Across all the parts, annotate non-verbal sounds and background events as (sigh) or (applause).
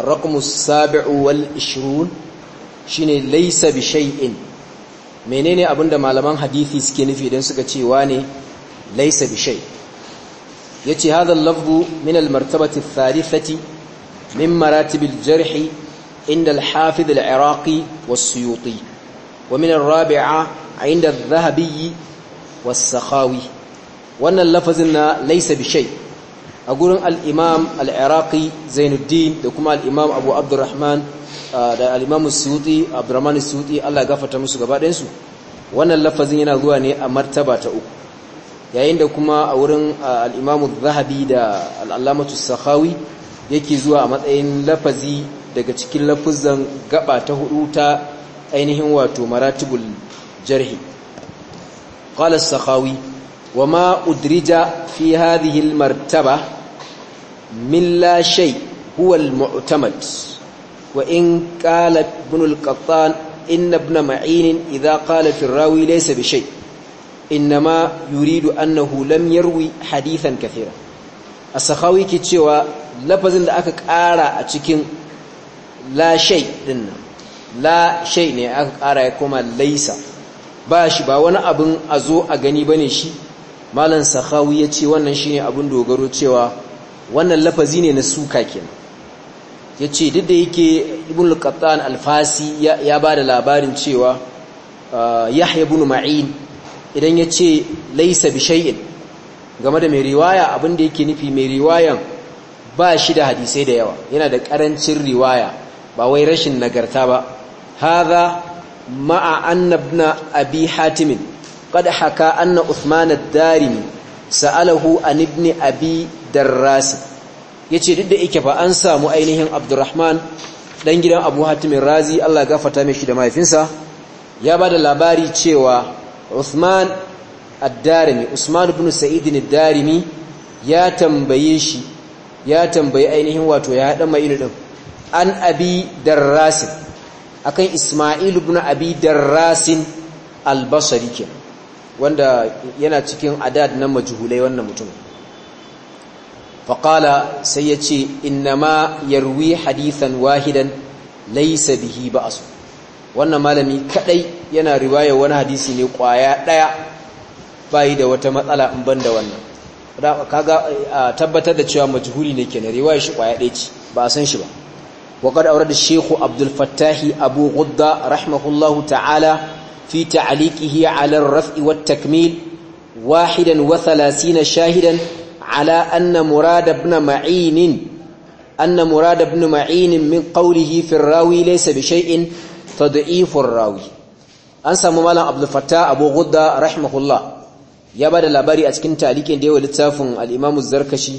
الرقم wal والعشرون shine laysa bi shay'in menene abinda malaman hadisi suke nufi idan suka ce wane laysa bi shay ya hadha al-lafz min al-martabati ath min maratib jarhi jarh inda al da al-iraqi was wa min ar-rabi'a inda zahabiyi dhahabi was wannan lafazin na laisa bi shay' a gurin al'imam al'iraqi zainuddin da kuma al'imam abu abdurrahman ah, da al'imam suyuti abdurrahman suyuti allah gafata musu gabaɗinsu wannan lafazin yana zuwa ne a martaba ta uku yayin da kuma a wurin ah, al'imam zahabi da al'alamatu sahawi yake zuwa a matsayin lafazi daga cikin lafazan gaba ta hudu ta ainihin wato maratibul jarhi qala sahawi وما أدرج في هذه المرتبة min la shay huwa al-mu'tamad wa in qala ibn al-qattan inna ibn ma'in idha qala fi rawi laysa bi shay inma yuridu annahu lam yarwi hadithan kathira as-sakhawi cewa lafazin da aka ƙara a cikin la shay din la shay ne aka ƙara ya koma laisa ba shi ba wani abin a zo a gani bane shi malam sakhawi ya ce wannan shine abin dogaro cewa wannan lafazi ne na suka kenan yace duk da yake ibn al-qattan al-fasi ya bada labarin cewa uh, yahya ibn ma'in idan yace laysa bi shay'in game da mai riwaya abin da yake nufi mai riwayan ba shi da hadisai da yawa yana da karancin riwaya ba wai rashin nagarta ba hadha ma'a anna ibn abi hatim haka حكى أن أثمان الدارمي sa'alahu an ibni abi. darrasi yace duk da yake ba an samu ainihin abdurrahman dan gidan abu hatim razi Allah mai shi da mahaifinsa ya bada labari cewa usman ad-darimi usman ibn sa'id ad ya tambaye shi ya tambaye ainihin wato ya hada mai din an abi darrasin akan isma'il ibn abi darrasin al-basri wanda yana cikin adad na majhulai wannan mutum faƙala sai ya ce ma yarwi hadithan wahidan laisa bihi asu wannan malami kadai yana riwaya wani hadisi ne kwaya daya bai da wata matsala in da wannan kaga tabbatar da cewa majhuli ne kenan riwaya shi kwaya ɗaya ce ba san shi ba وقد أورد الشيخ abu ghudda أبو غدة رحمه الله تعالى في rafi على الرفع wahidan واحدا وثلاثين shahidan. على أن مراد ابن معين أن مراد ابن معين من قوله في الراوي ليس بشيء تضعيف الراوي أنسى ممالا عبد الفتاة أبو غدى رحمه الله يبدأ لباري أتكن تعليكين ديو لتاف الإمام الزركشي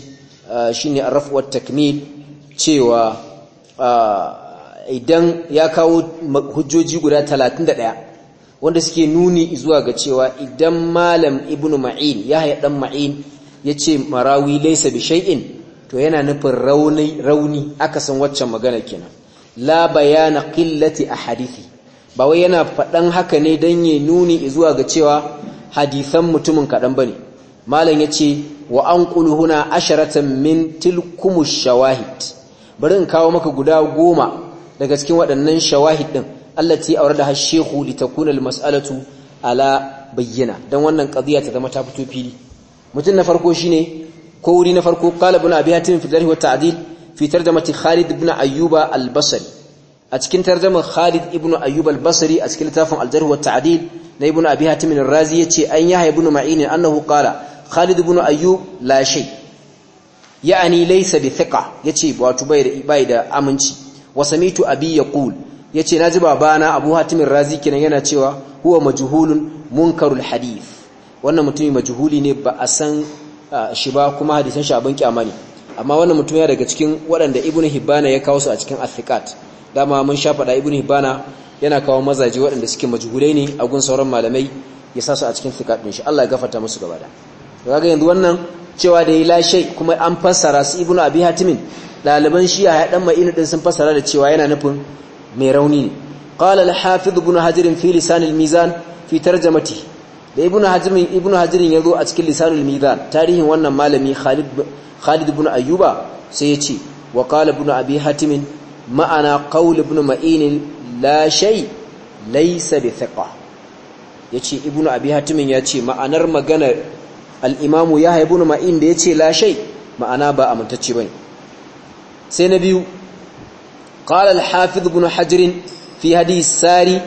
شيني الرفع والتكميل cewa idan ya kawo hujjoji guda 31 wanda suke nuni zuwa ga cewa idan malam ibnu ma'in ya haye dan ma'in Ya ce marawi laisa bi shay'in to yana nufin rauni rauni aka san waccan magana kenan la bayana qillati ahadithi ba wai yana fadan haka ne dan ya nuni zuwa ga cewa hadisan mutumin kadan bane malam yace wa anqulu huna asharatan min ash shawahid bari in kawo maka guda goma daga cikin waɗannan shawahid din allati awradaha shaykhu litakuna al-mas'alatu ala bayyana dan wannan qadiya ta zama ta fito fili mutum na farko shine ko wuri na farko qala ibn abi hatim fi darh wa ta'dil fi tarjamati khalid ibn ayyuba al-basri a cikin tarjamar khalid ibn ayyub al-basri a cikin littafin al-jarh wa ta'dil na ibn abi hatim ar-razi yace an yahya ibn ma'in annahu qala khalid ibn ayyub la shay ya'ani laysa bi thiqa yace wato bai bai da aminci wa samitu abi yaqul yace naji babana abu hatim ar-razi kenan yana cewa huwa majhulun munkarul hadith wannan mutumi majhuli ne ba a san shi ba kuma hadisan shi abin kyama ne amma wannan mutum ya daga cikin waɗanda ibnu hibbana ya kawo su a cikin athiqat dama mun sha faɗa ibnu hibbana yana kawo mazaje waɗanda suke majhulai ne a gun sauran malamai ya sa su a cikin thiqat din shi Allah ya gafarta musu gaba da kaga yanzu wannan cewa da yi lashe kuma an fassara su ibnu abi hatimin ɗaliban shi'a ya dan ma'inu din sun fassara da cewa yana nufin mai rauni ne qala al-hafiz Hajarin hajar fi lisan al-mizan fi tarjamatihi da ibnu hajirin ibnu hajirin ya zo a cikin lisanul mizan tarihin wannan malami khalid khalid ibn ayyuba sai ya ce wa qala ibn abi hatim ma'ana qaul ibn ma'in la shay laysa bi thiqa yace ibn abi hatim ya ce ma'anar maganar al-imam yahya ibn ma'in da yace la shay ma'ana ba amintacce bane sai na biyu qala al-hafiz ibn hajr fi hadith sari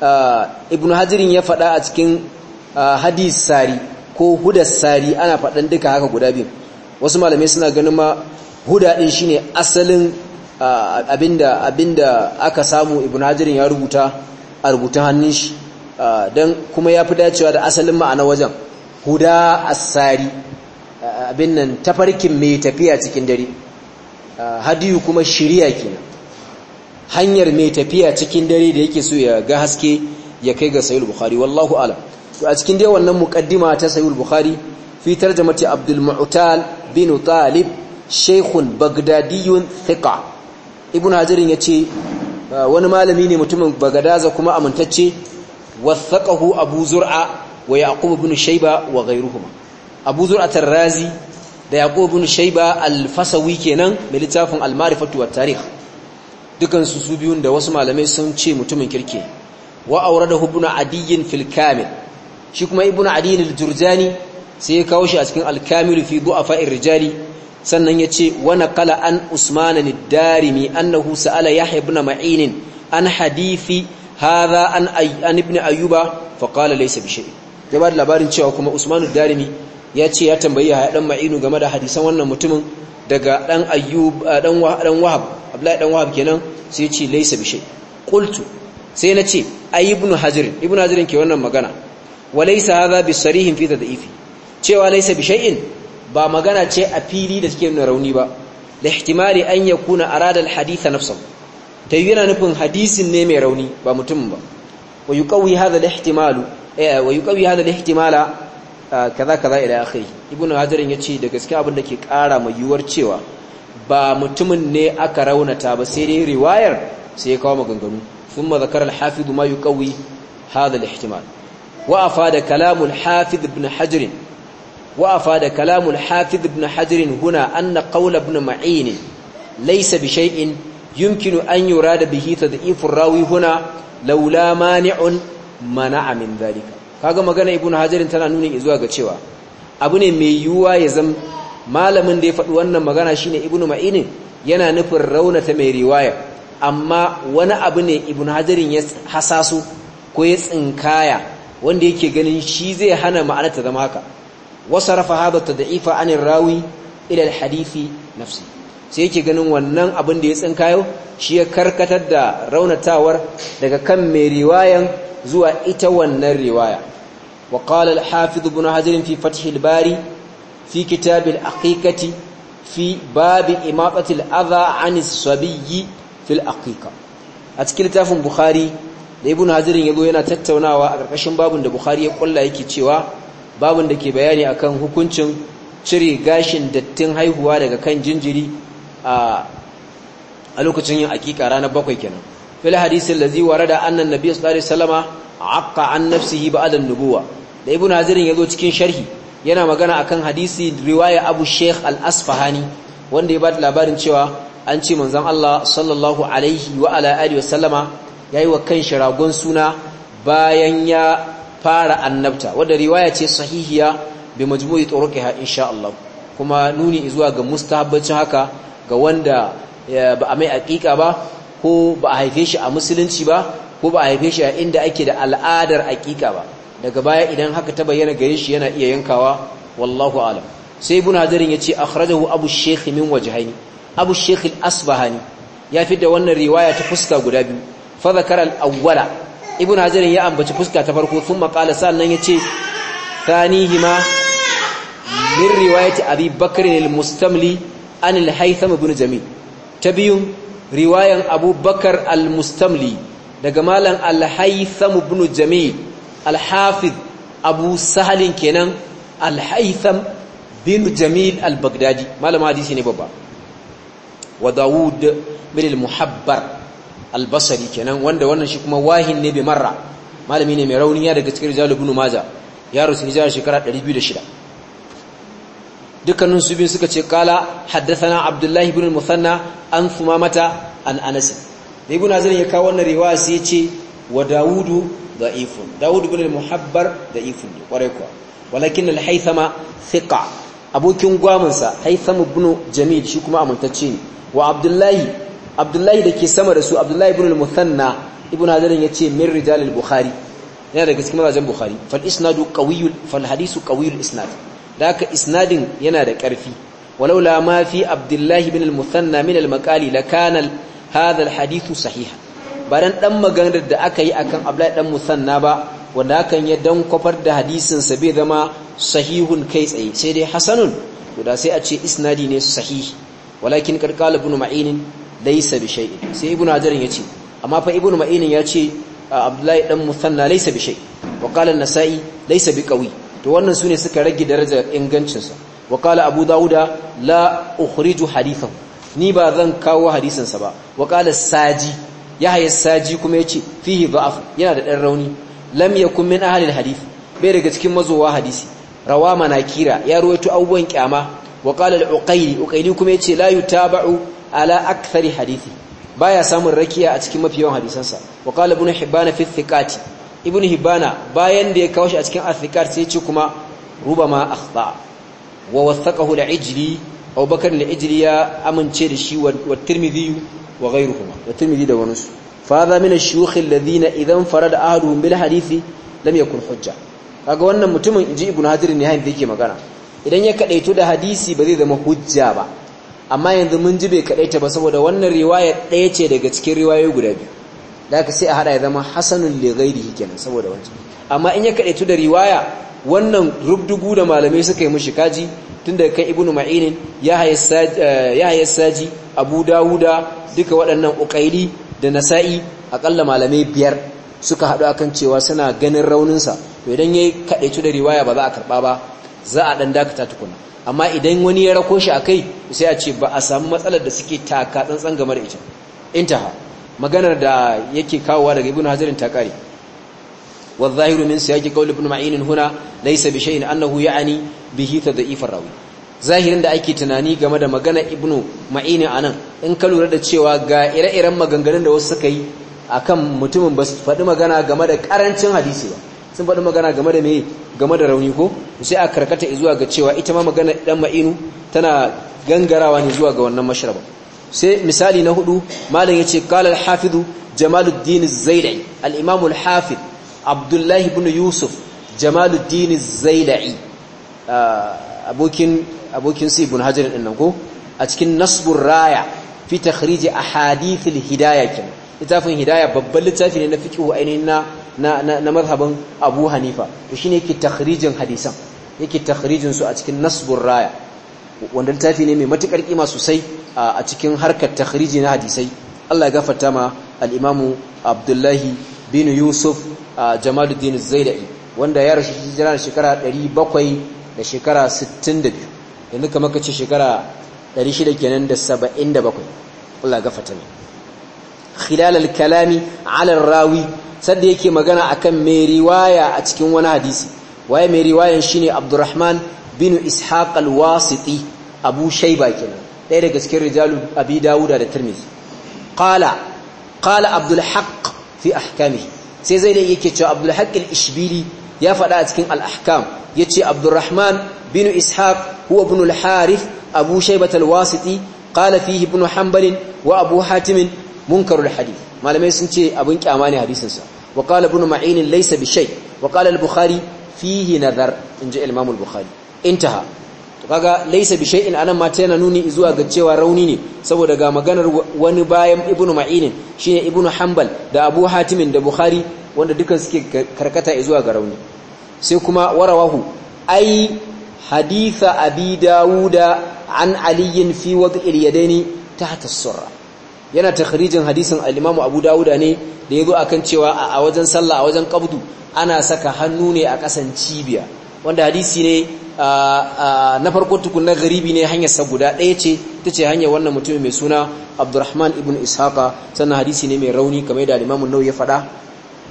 ah, ibn hajr ya fada a cikin hadis sari ko hudas sari ana faɗan duka haka guda biyu wasu malamai suna ganin ma huda ɗin shine asalin abinda abinda aka samu ibn hajirin ya rubuta a rubutun hannun shi don kuma ya fi dacewa da asalin ma'ana wajen huda asari abin nan tafarkin mai tafiya cikin dare hadiyu kuma shiriya kenan hanyar mai tafiya cikin dare da yake so ya ga haske ya kai ga sahih bukhari wallahu alam to a cikin dai wannan muqaddima ta sahih al-bukhari fi tarjamati abdul mu'tal bin talib shaykhun bagdadiyun thiqa ibn hajarin yace ah, wani malami ne mutumin bagadaza kuma amintacce wathaqahu abu zur'a wa yaqub ibn shayba wa ghayruhuma abu zur'a tarrazi da yaqub ibn shayba al-fasawi kenan mai littafin al-ma'rifatu wat tarikh dukan su su biyun da wasu malamai sun ce mutumin kirki wa auradahu ibn adiyyin fil kamil shi kuma ibnu ali al-jurjani sai ya kawo shi a cikin al-kamil fi du'afa ar-rijali sannan yace wa naqala an usman ad-darimi annahu sa'ala yahya ibn ma'in an hadithi hadha an an ibn ayyuba fa qala laysa bi labarin cewa kuma usman ad-darimi yace ya tambayi ya dan ma'inu game da hadisan wannan mutumin daga dan ayyub dan dan wahab abdullahi dan wahab kenan sai ya ce laysa bi shay qultu sai hajr hajr ke wannan magana wa laysa hadha bisarihin fi tad'ifi cewa laisa bi shay'in ba magana ce a fili da suke nuna rauni ba la ihtimali an yakuna arada al haditha ta yana nufin hadisin ne mai rauni ba mutum ba wa yuqawi hadha al ihtimalu eh, wa yuqawi hadha al ihtimala ah, kaza kaza ila akhiri ibnu hajarin yace da gaskiya abin da ke kara mai yuwar cewa ba mutumin ne aka raunata ba sai dai riwayar sai ya kawo maganganu thumma zakara al-hafiz ma yuqawi hadha al-ihtimal وأفاد كلام الحافظ بن حجر وأفاد كلام الحافظ بن حجر هنا أن قول ابن معين ليس بشيء يمكن أن يراد به تضعيف الراوي هنا لولا مانع منع من ذلك kaga magana ibnu hajarin tana nuni zuwa ga cewa abu ne mai yuwa ya zam malamin da ya faɗi wannan magana shine ibnu ma'in yana nufin raunata mai riwaya amma wani abu ne ibnu hajarin ya hasasu ko ya tsinkaya wanda yake ganin shi zai hana ma'ana ta zama haka wasarafa hada da'ifa anin rawi ila alhadisi nafsi sai yake ganin wannan abin da ya tsinkayo shi ya karkatar da raunatawar daga kan mai riwayan zuwa ita wannan riwaya wa qala al-hafiz ibn hajar fi fath al-bari fi kitab al fi bab imatati al-adha 'an as fi al a cikin littafin bukhari da ibn hazirin yazo yana tattaunawa a karkashin babun da bukhari ya kulla yake cewa babun da ke bayani akan hukuncin cire gashin dattin haihuwa daga kan jinjiri a a lokacin yin akika ranar bakwai kenan fil hadisin lazi warada annan nabi sallallahu alaihi wasallama aqqa an nafsihi ba'da an-nubuwa da ibn hazirin yazo cikin sharhi yana magana akan hadisi riwaya abu sheikh al-asfahani wanda ya bada labarin cewa an ce manzon Allah sallallahu alaihi wa ala alihi wasallama ya yi wa kanshi ragon suna bayan ya fara annabta wadda riwaya ce sahihiya bi tsoro turuqiha insha Allah kuma nuni zuwa ga mustahabbacin haka ga wanda eh, ba a mai aƙiƙa ba ko ba a haife shi a musulunci ba ko ba a haife shi a inda ake da al'adar aƙiƙa ba daga baya idan haka ta bayyana gare shi yana iya yankawa wallahu alam sai ibn hadarin yace akhrajahu abu shekhi min wajhaini abu shekhi al-asbahani ya fi da wannan riwaya ta fuska guda biyu fa awwala ibn hajar ya ambaci fuska ta farko sun makala sannan yace thanihima min riwayati abi bakr al-mustamli an al-haytham ibn jamil tabiyun riwayan abu bakr al-mustamli daga malam al-haytham ibn jamil al-hafiz abu sahalin kenan al-haytham bin jamil al-baghdadi malama hadisi ne babba wa daud min al-muhabbar albasari kenan wanda wannan shi kuma wahin ne bai marra malami ne mai rauni ya daga cikin rijalu ibn maza ya rusu hijira shekara 206 dukkanin su biyu suka ce kala haddathana abdullahi ibn musanna an mata an anas ibn azan ya kawo wannan riwaya sai ya ce wa daudu da'ifun daudu ibn muhabbar da'ifun kwarai kuwa walakin al-haythama thiqa abokin gwaminsa haytham ibn jamil shi kuma amintacce ne wa abdullahi abdullahi da ke sama da su abdullahi ibn al-muthanna ibn ya ce min rijal al-bukhari yana daga cikin mazan bukhari fal isnadu fal hadisu qawiyul isnad da haka isnadin yana da karfi walaula ma fi abdullahi ibn al-muthanna min al-maqali kana hadha al-hadithu sahiha baran dan maganar da aka yi akan abdullahi dan muthanna ba wanda hakan ya dan kofar da hadisin sa bai zama sahihun kai tsaye sai dai hasanun to da sai a ce isnadi ne sahih walakin karqala ibn ma'in laysa bi shay'in sai ibnu hajar yace amma fa ibnu ma'in yace abdullahi dan musanna laysa bi shay wa qala an-nasa'i laysa bi qawi to wannan sune suka rage darajar ingancin sa wa qala abu dauda la ukhriju hadithahu ni ba zan kawo hadisin sa ba wa qala saji yahya saji kuma yace fihi da'af yana da dan rauni lam yakun min ahli al-hadith bai daga cikin mazowa hadisi rawa manakira ya ruwaito abubuwan kyama wa qala al-uqayli uqayli kuma yace la yutaba'u ala akthari hadisi baya samun rakiya a cikin mafi yawan hadisansa wa qala ibn hibban fi thiqati ibn hibban bayan da ya kawo shi a cikin athiqat sai ce kuma rubama akhta wa wathaqahu al-ijli Abu Bakar al-Ijli ya amince da shi wa Tirmidhi wa ghayruhuma wa Tirmidhi da wani su fa hadha min ash-shuyukh alladhina idan farada ahaduhum bil hadithi lam yakun hujja kaga wannan mutumin ji Ibn Hajar ne hayin da yake magana idan ya kadaito da hadisi ba zai zama hujja ba amma yanzu mun ji bai kadaita ba saboda wannan riwaya ɗaya ce daga cikin riwayoyi guda biyu da ka sai a haɗa ya zama hasanun li kenan saboda wancan amma in ya kadaitu da riwaya wannan rubdugu da malamai suka yi mushi kaji tun daga kan ibnu ma'inin yahya eh, saji abu dawuda duka waɗannan Ukaili da nasa'i aƙalla malamai biyar suka haɗu akan cewa suna ganin rauninsa to idan yayi kadaitu da riwaya ba za a karɓa ba za a ɗan dakata tukuna amma idan wani ya rako shi kai sai a ce ba a samu matsalar da suke taka tsantsan game da ita intaha maganar da yake kawowa daga ibnu hajarin ta kare min من qawl قول ma'in huna laysa bi shay'in annahu يعني bihi تضعيف الراوي zahirin da ake tunani game da magana ibnu ma'ini anan in ka lura da cewa ga ire-iren maganganun da wasu suka yi akan mutumin ba su faɗi magana game da karancin hadisi ba sun faɗi magana game da meye game da rauni ko sai a karkata zuwa ga cewa ita ma magana dan ma'inu tana gangarawa ne zuwa ga wannan mashraba sai misali na hudu malam ya ce al hafidu jamaluddin az al al abdullahi ibn yusuf jamaluddin az ah, abokin abokin sai ibn hajar din nan ko a cikin nasbur raya fi takhrij ahadith al-hidayah kin littafin hidayah babban littafi ne na fiqh ainihin na na na, mazhabin Abu Hanifa to shine yake takhrijin hadisan yake takhrijin su a cikin Nasbur Raya wanda littafi ne mai matukar kima sosai a cikin harkar takhriji na hadisai Allah ya gafarta ma al-Imam Abdullahi bin Yusuf Jamaluddin Zaidai wanda ya rashi hijira shekara 700 da shekara 62 yanzu kamar kace shekara 600 kenan da 77 Allah ya gafarta ne khilal al-kalami 'ala ar-rawi sadda yake magana akan mai riwaya a cikin wani hadisi waye mai riwayan shine Abdurrahman bin Ishaq al-Wasiti Abu Shayba kenan ɗaya daga cikin rijalu Abi dawud da Tirmidhi qala qala Abdul Haqq fi ahkamihi sai zai dai yake cewa Abdul Haqq al-Ishbili ya faɗa a cikin al-ahkam yace Abdurrahman bin Ishaq huwa ibn al-Harith Abu Shayba al-Wasiti qala fihi ibn Hanbal wa Abu Hatim munkarul hadith malamai sun ce abin kyama ne hadisinsa wa qala ibn ma'in laysa bi shay wa qala al-bukhari fihi nazar kaga laysa bi shay'in anan ma tana nuni zuwa ga cewa rauni ne saboda ga maganar wani bayan ibnu ma'in shine ibnu hanbal da abu hatim da bukhari wanda dukan suke karkata zuwa ga rauni sai kuma warawahu ai haditha abi dawuda an aliyin fi wad'il yadaini tahta as-surra yana takhrijin hadisin al imam Abu Dawuda ne da yazo akan cewa a wajen sallah a wajen qabdu ana saka hannu ne a kasan cibiya wanda hadisi ne na farko tukun na garibi ne hanyar sa guda daya ce tace hanyar wannan mutum mai suna Abdurrahman ibn Ishaqa sannan hadisi ne mai rauni kamar da Imam an ya fada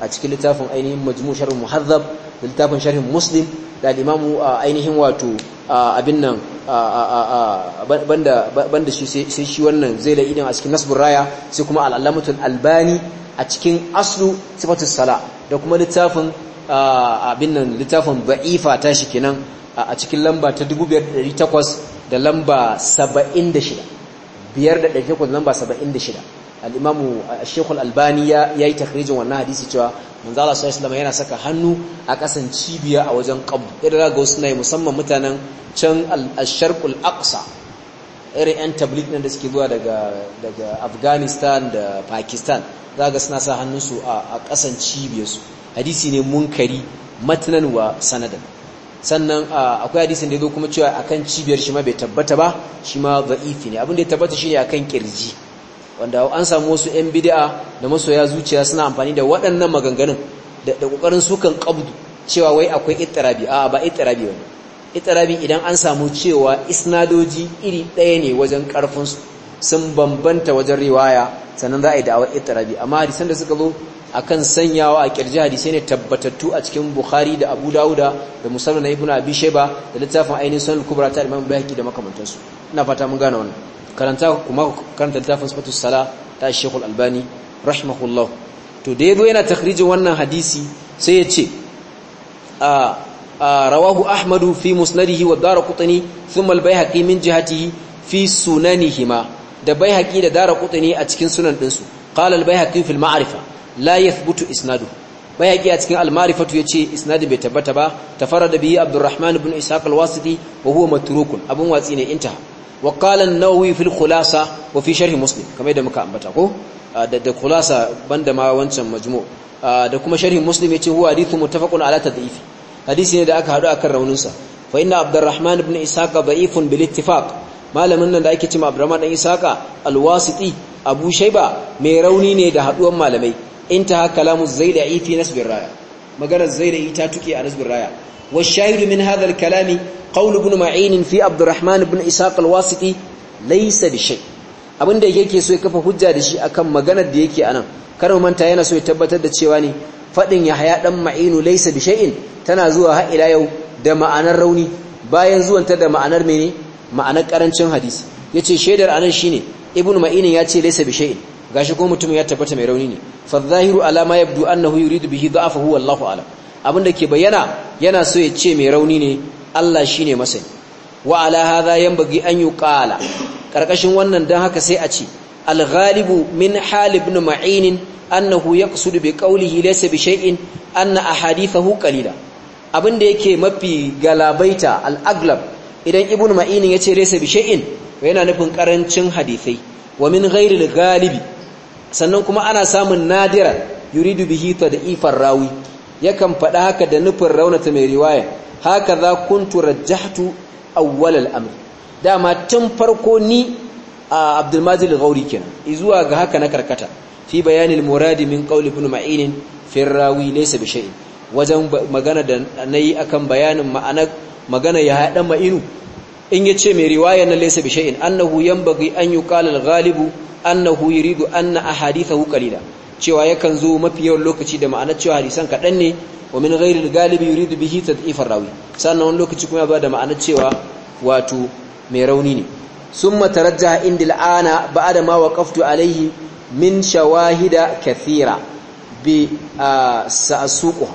a cikin littafin ainihin Majmu' Sharh Muhazzab da littafin Sharh Muslim da Imam ainihin wato abin nan banda shi sai shi wannan zai da idan a cikin nasibin raya sai kuma al'allamatul albani a cikin aslu sifatun sala da kuma littafin abin nan littafin ba'ifa ta shi kenan a cikin lamba ta 5800 da lamba biyar da lamba 76 al-imamu al albani ya yi takrijin wannan hadisi cewa manzo Allah sallallahu yana saka hannu a kasan cibiya a wajen qabr irin ga wasu nayi musamman mutanen can al-sharqul aqsa irin yan tabligh nan da suke zuwa daga daga Afghanistan da Pakistan zaga suna sa hannunsu a kasan cibiyarsu hadisi ne munkari matnan wa sanadan sannan akwai hadisin da yazo kuma cewa akan cibiyar shi ma bai tabbata ba shi ma za'ifi ne abin da ya tabbata shine akan kirji wanda an samu wasu 'yan bidi’a da masoya zuciya suna amfani da waɗannan maganganun da ƙoƙarin sukan ƙabdu cewa wai akwai itirabi a ba itirabi wani itirabi idan an samu cewa isnadoji iri ɗaya ne wajen ƙarfinsu sun bambanta wajen riwaya sannan za a yi da'awar itirabi amma hadisan da suka zo a kan sanyawa a ƙirji hadisi ne tabbatattu a cikin Bukhari da Abu Dawuda da Musamman na Ibn abishe ba da littafin ainihin Sunan Kubra ta Imam Bayhaqi da makamantansu ina fata mun gane wannan karanta kuma karanta littafin sifatu sala ta Sheikh Al-Albani rahimahullah to da yazo yana takhrijin wannan hadisi sai ya ce a rawahu Ahmadu fi musnadihi wa Daraqutni thumma al-Baihaqi min jihatihi fi sunanihima da Baihaqi da Daraqutni a cikin sunan dinsu qala al fil ma'rifa la yathbutu isnadu bayaki a cikin al-ma'rifatu yace isnadin bai tabbata ba tafarrada bihi Abdurrahman ibn Ishaq al-Wasiti wa huwa matrukun abun watsi ne intaha wa qala an-nawawi fil khulasa wa fi sharh da muka ambata ko ah, da da khulasa banda ma wancan majmu' ah, da kuma sharh muslim yace huwa hadithu muttafaqun ala tadhifi hadisi ne da aka hadu akan raunin sa fa inna abdurrahman ibn isaqa da'ifun bil ittifaq malamin nan da ake cewa abdurrahman dan isaqa al abu shayba mai rauni ne da haduwan malamai intaha kalamu zaida'i fi nasbir raya maganar zaida'i ta tuke a nasbir raya والشاهد من هذا الكلام قول ابن معين في عبد الرحمن بن إسحاق الواسطي ليس بشيء abin da yake so ya kafa hujja da shi akan maganar da yake anan kar manta yana so ya tabbatar da cewa ne fadin haya dan Ma'inu laysa bi shay'in tana zuwa har ila yau da ma'anar rauni bayan zuwan ta da ma'anar mene ma'anar karancin hadisi yace shaidar anan shine ibnu Ma'inin ya ce laysa bi shay'in gashi ko mutum ya tabbata mai rauni ne fa zahiru ala ma yabdu annahu yuridu bihi da'afahu wallahu alam abin da ke bayyana yana so ya ce mai rauni ne Allah shine masani wa ala hadha yanbaghi an yuqala ƙarƙashin wannan dan haka sai a ce al-ghalibu min hal ibn ma'in annahu yaqsudu bi qawlihi laysa bi shay'in anna ahadithahu qalila abinda yake mafi galabaita al-aglab idan ibn ma'in ya ce bi shay'in yana nufin ƙarancin hadisai wa min ghairi al sannan kuma ana samun nadira yuridu bihi tad'ifar rawi yakan faɗa haka da nufin raunata mai riwaya haka za kuntu rajjahtu awwalal al-amr dama tun farko ni Abdul Majid al kenan zuwa ga haka na karkata fi bayanin muradi min qawl ibn Ma'in fi rawi laysa bi shay'in wajen magana da nayi akan bayanin ma'anar magana ya haɗa ma'inu in yace mai riwaya na laysa bi shay'in annahu yanbaghi an yuqala al-ghalibu annahu yuridu anna ahadithahu qalila cewa yakan zo mafi yawan lokaci da ma'anar cewa hadisan kaɗan ne wa min ghairil galibi yuridu bihi tad'ifar rawi sannan wani lokaci kuma ba da ma'anar cewa wato mai rauni ne summa tarajja inda al'ana ba'da ma waqaftu alaihi min shawahida kathira bi sa'suquha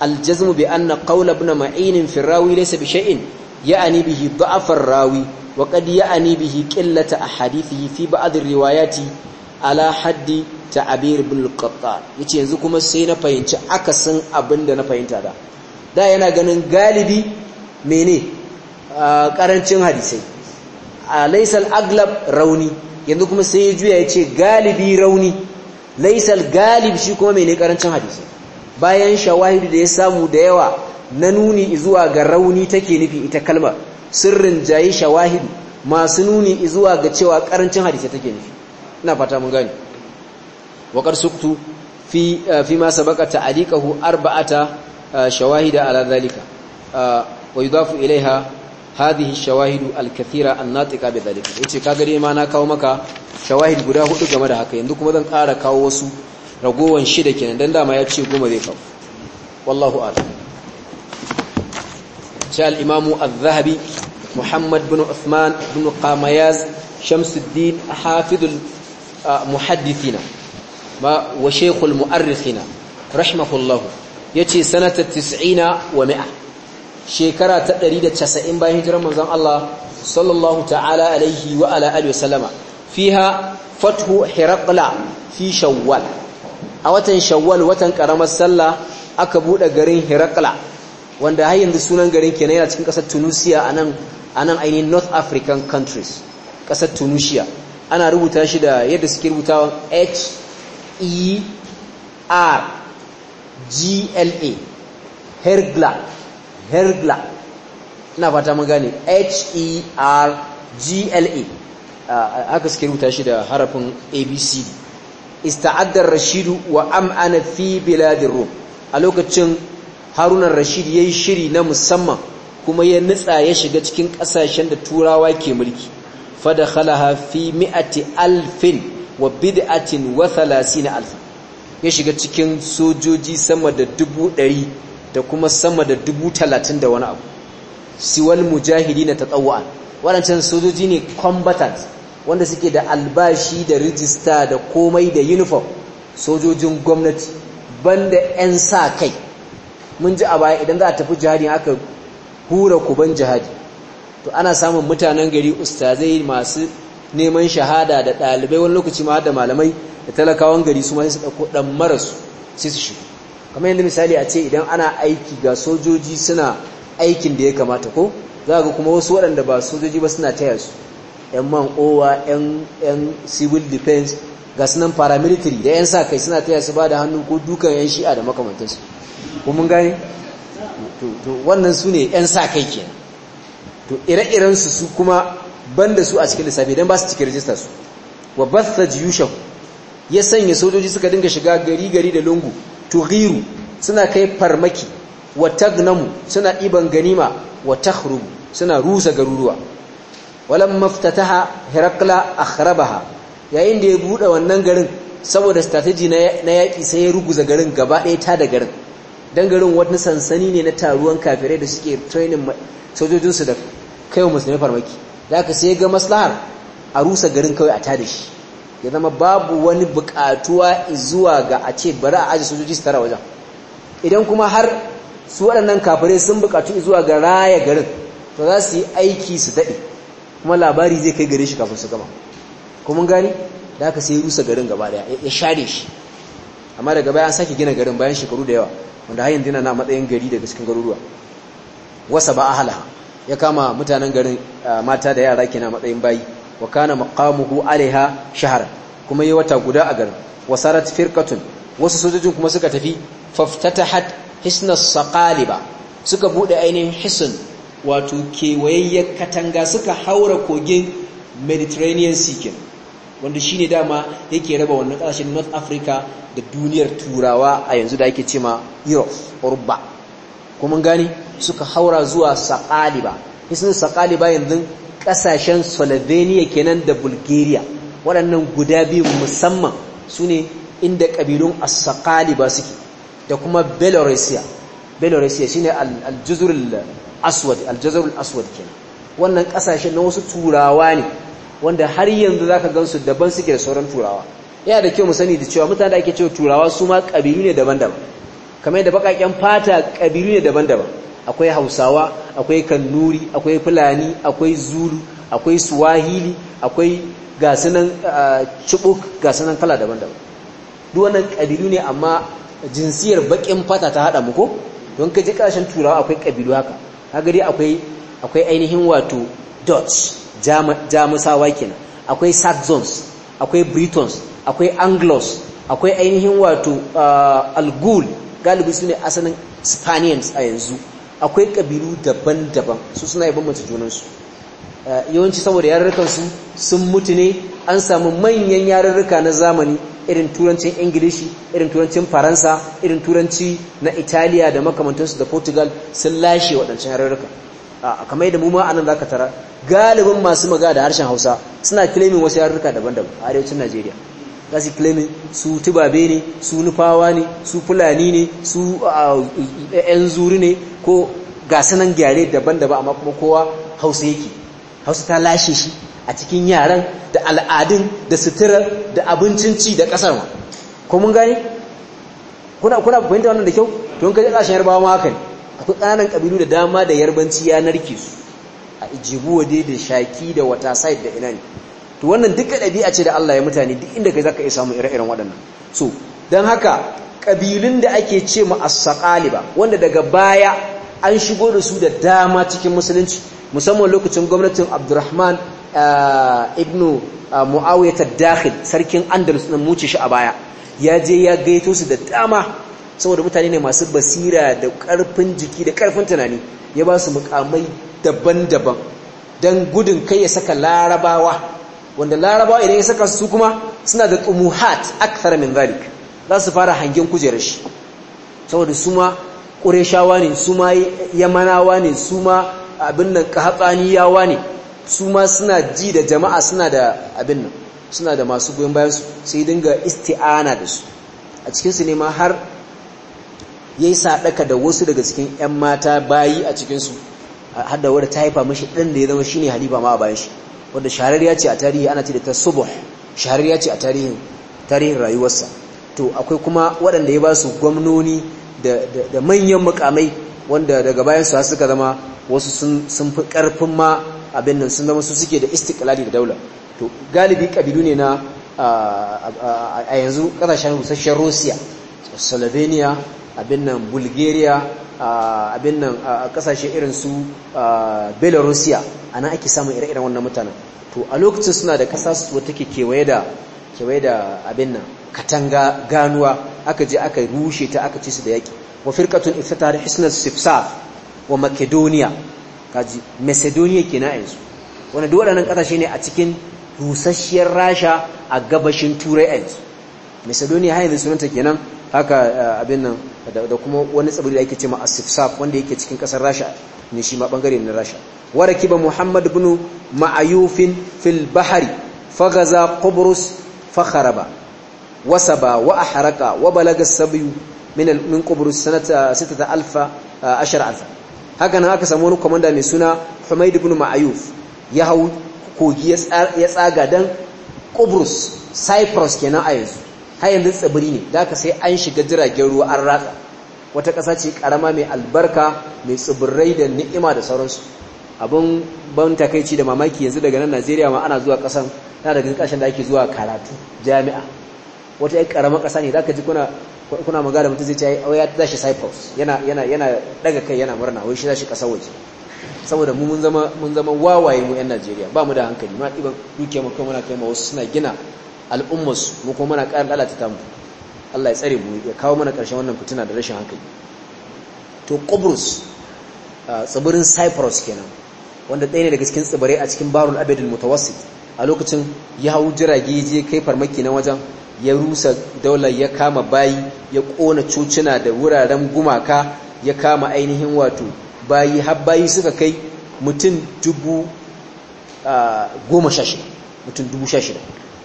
al-jazm bi anna qawl ibn ma'in fi rawi laysa bi shay'in ya'ni bihi da'af rawi wa qad ya'ni bihi qillata ahadithihi fi ba'd ar-riwayati ala haddi ta abir bin ya ce yanzu kuma sai na fahimci akasin abin da na fahimta da da yana ganin galibi mene ah, karancin hadisai a ah, laisal aglab rauni yanzu kuma sai ya juya ya ce galibi rauni laisal galib shi kuma mene karancin hadisai bayan shawahidu da ya samu da yawa na nuni zuwa ga rauni take nufi ita kalmar sirrin jayi shawahidu masu nuni zuwa ga cewa karancin hadisai take nufi ina fata mun gani wa qarsuktu fi fi ma sabaqa ta'liqahu arba'ata shawahida ala dhalika wa yudafu ilaiha hadhihi shawahidu al-kathira an-natiqa bi dhalika yace kaga dai ma na kawo maka shawahid guda hudu game da haka yanzu kuma zan kara kawo wasu ragowan shida kenan dan dama ya ce goma zai kawo wallahu a'lam sai al-imamu az-zahabi muhammad bin uthman bin qamayaz shamsuddin hafidul muhaddithina ba wa shekul mu'arrikhina rahimahullahu ya ce sanata tis'ina wa mi'a shekara ta 190 bayan hijirar manzan Allah sallallahu ta'ala alaihi wa ala alihi fiha fathu hiraqla fi shawwal a watan shawwal watan karamar sallah aka bude garin hiraqla wanda har yanzu sunan garin kenan yana cikin kasar Tunisia anan nan ainihin North African countries ƙasar Tunisia ana rubuta shi da yadda suke rubutawa H e r g l a hergla hergla ina fata mun gane h e r g l a aka suke rubuta shi da harafin abc ista'addar rashidu wa am'ana fi biladin rum a lokacin harunan rashid yayi shiri na musamman kuma ya nitsa ya shiga cikin kasashen da turawa ke mulki fadakhalaha fi mi'ati alfin wa bid'atin wa 30 alfa ya shiga cikin sojoji sama da dubu dari da kuma sama da dubu talatin da wani abu siwal mujahidi na tatsawa'an waɗancan sojoji ne combatants wanda suke da albashi da rijista da komai da uniform sojojin gwamnati banda 'yan sa kai mun ji a baya idan za a tafi jihadi aka hura kuban jihadi to ana samun mutanen gari ustazai masu neman shahada da ɗalibai wani lokaci ma da malamai da talakawan gari su mai su ɗauko ɗan marasu sai su shigo kamar yadda misali a ce idan ana aiki ga sojoji suna aikin da ya kamata ko za ga kuma wasu waɗanda ba sojoji ba suna taya su yan man owa yan civil defense ga sunan paramilitary da yan sa kai suna taya su ba da hannu ko dukan yan shi'a da makamantarsu ko mun gane to wannan su ne yan sa kai kenan to ire-irensu su kuma banda su a cikin lissafi dan ba su cikin rijista su wa batha jiyushahu ya sanya sojoji suka dinga shiga gari gari da lungu tughiru suna kai farmaki wa tagnamu suna iban ganima wa takhrubu suna rusa garuruwa walam maftataha herakla akhrabaha yayin da ya bude wannan garin saboda strategy na yaki sai ya ruguza garin gaba ɗaya ta da garin dan garin wani sansani ne na taruwan kafirai da suke training sojojinsu da kai musulmi farmaki da ka sai ga maslahar a rusa garin kawai a tada shi ya zama babu wani bukatuwa zuwa ga a ce bari a ajiye sojoji su tara wajen idan kuma har su waɗannan kafirai sun bukatu zuwa ga raya garin to za su yi aiki su daɗe kuma labari zai kai gare shi kafin su gama kuma gani da aka sai rusa garin gaba daya ya share shi amma daga baya an sake gina garin bayan shekaru da yawa wanda har yanzu na matsayin gari daga cikin garuruwa wasa ba a halaha. ya kama mutanen garin mata da yara kina matsayin bayi wa kana maqamuhu alaiha shahar kuma yi wata guda a garin wasarat firqatun wasu sojojin kuma suka tafi faftatahat hisna saqaliba suka bude ainihin hisn wato kewayayyen katanga suka haura kogin Mediterranean Sea wanda shine dama yake raba wannan kasashen North Africa da duniyar turawa a yanzu da ake cewa Europe Urba kuma gani suka haura zuwa saƙaliba isin saƙaliba yanzu ƙasashen slovenia kenan da bulgaria waɗannan guda biyu musamman su ne inda ƙabilun asaƙaliba suke da kuma belarusia belarusia shine aljazurul aswad aswad kenan wannan ƙasashen na wasu turawa ne wanda har yanzu zaka gansu daban suke da sauran turawa yana da kyau mu sani da cewa mutane da ake cewa turawa su ma ƙabilu ne daban-daban kamar yadda baƙaƙen fata ƙabilu ne daban-daban akwai hausawa akwai kannuri akwai fulani akwai zulu akwai suwahili akwai gasunan ah, cibuk gasunan kala daban-daban duk wannan kabilu ne amma jinsiyar bakin fata ta hada muku don ka ji kashin turawa akwai kabilu haka kaga akwai akwai ainihin wato dutch jamusawa kenan akwai saxons akwai britons akwai anglos akwai ainihin wato ah, algul galibi su ne asalin spaniards a yanzu akwai kabilu daban-daban su suna yabon mace junansu eh, yawanci saboda yarurrukansu sun mutu ne an samu manyan yarurruka na zamani irin turancin ingilishi irin turancin faransa irin turanci na italiya da makamantansu da portugal sun lashe waɗancan yarurruka ah, kamar da mu ma anan zaka tara galibin masu magana da harshen hausa suna claiming wasu yarurruka daban-daban a arewacin najeriya za su claiming su tubabe ne su nufawa ne su fulani ne su yan ah, zuri ne ko ga sunan gyare daban-daban amma kuma kowa hausa yake hausa ta lashe shi a cikin yaran da al'adun da suturar da abincin ci da kasar ma ko mun gane kuna kuna fahimta wannan da kyau to in ka je kasashen yarbawa ma haka ne akwai ƙananan kabilu da dama da yarbanci ya narke su a ijibu wadai da shaki da wata side da ina ne to wannan duka ɗabi'a ce da Allah ya mutane duk inda kai zaka iya samu ire-iren waɗannan so don haka ƙabilun da ake ce mu as-saqaliba wanda daga baya an shigo da su da dama cikin musulunci musamman lokacin gwamnatin abdurrahman eh, ibnu eh, mu'awiyata dakhil sarkin andalus na muce shi a baya ya je ya gaito su da dama saboda mutane ne masu basira da karfin jiki da karfin tunani ya ba su mukamai daban-daban don gudun kai ya saka larabawa wanda larabawa idan ya saka su kuma suna da tsumuhat akthar min zalik za su fara hangen kujerar shi saboda su ma ƙureshawa ne su ma yamanawa ne su ma abin nan ƙahatsaniyawa ne su ma suna ji da jama'a suna da abin nan suna da masu goyon bayan su sai dinga isti'ana da su a cikinsu ne ma har ya yi saɗaka da wasu daga cikin 'yan mata bayi a cikinsu har da wadda ta haifa mashi ɗan da ya zama shi ne halifa ma a bayan shi wadda shahararriya ce a tarihi ana ce da ta subuh shahararriya ce a tarihin rayuwarsa to akwai kuma waɗanda ya ba su gwamnoni da manyan mukamai wanda daga bayan su suka zama wasu sun fi karfin ma abin nan sun zama su suke da istiklali da daular. to galibi kabilu ne na a yanzu kasashen rusasshen Russia Slovenia abin nan Bulgaria abin nan kasashe irin su Belarusia ana ake samun ire-iren wannan mutanen to a lokacin suna da kasa wata ke kewaye da abin nan katanga ganuwa aka je aka rushe ta aka ci su da yaki wa firqatun da hisnal sifsaf wa makedonia kaji macedonia kenan yanzu wannan duk waɗannan ƙasashe ne a cikin rusasshiyar rasha a gabashin turai yanzu macedonia har yanzu sunanta kenan haka eh, abin nan da kuma wani tsibiri da ake cewa sifsaf wanda yake cikin ƙasar rasha ne shi ma bangare na rasha warakiba muhammad ibn ma'ayufin fil bahari fagaza qubrus fakharaba wasaba wa ahraka wa balaga sabiyu min min qubrus sanata 6000 10000 haka nan aka samu wani komanda mai suna Humayd ibn Ma'ayuf ya hau kogi ya tsaga dan Qubrus Cyprus kenan a yanzu har yanzu tsibiri ne da sai an shiga jiragen ruwa an ratsa wata ƙasa ce ƙarama mai albarka mai tsibirai da ni'ima da sauransu abin ban takaici da mamaki yanzu daga nan Najeriya ma ana zuwa ƙasan na daga ƙasashen da ake zuwa karatu jami'a wata yan karamar ƙasa ne zaka ji kuna kuna magana mutum zai ce ai ya tashi Cyprus yana yana daga kai yana murna wai shi shi ƙasar waje saboda mu mun zama wawaye mu yan Najeriya ba mu da hankali ma ɗiban duke mu kuma muna kai ma wasu suna gina al'ummas mu kuma muna ƙarin lalata ta mu Allah ya tsare mu ya kawo mana ƙarshen wannan fitina da rashin hankali to Qobrus tsibirin Cyprus kenan wanda ɗaya ne daga cikin tsibirai a cikin Barul Abedul Mutawassit a lokacin ya hau jirage je kai farmaki na wajen ya rusa daular ya kama bayi ya kona cocina da wuraren gumaka ya kama ainihin wato bayi har bayi suka kai mutum dubu goma sha shida mutum dubu sha shida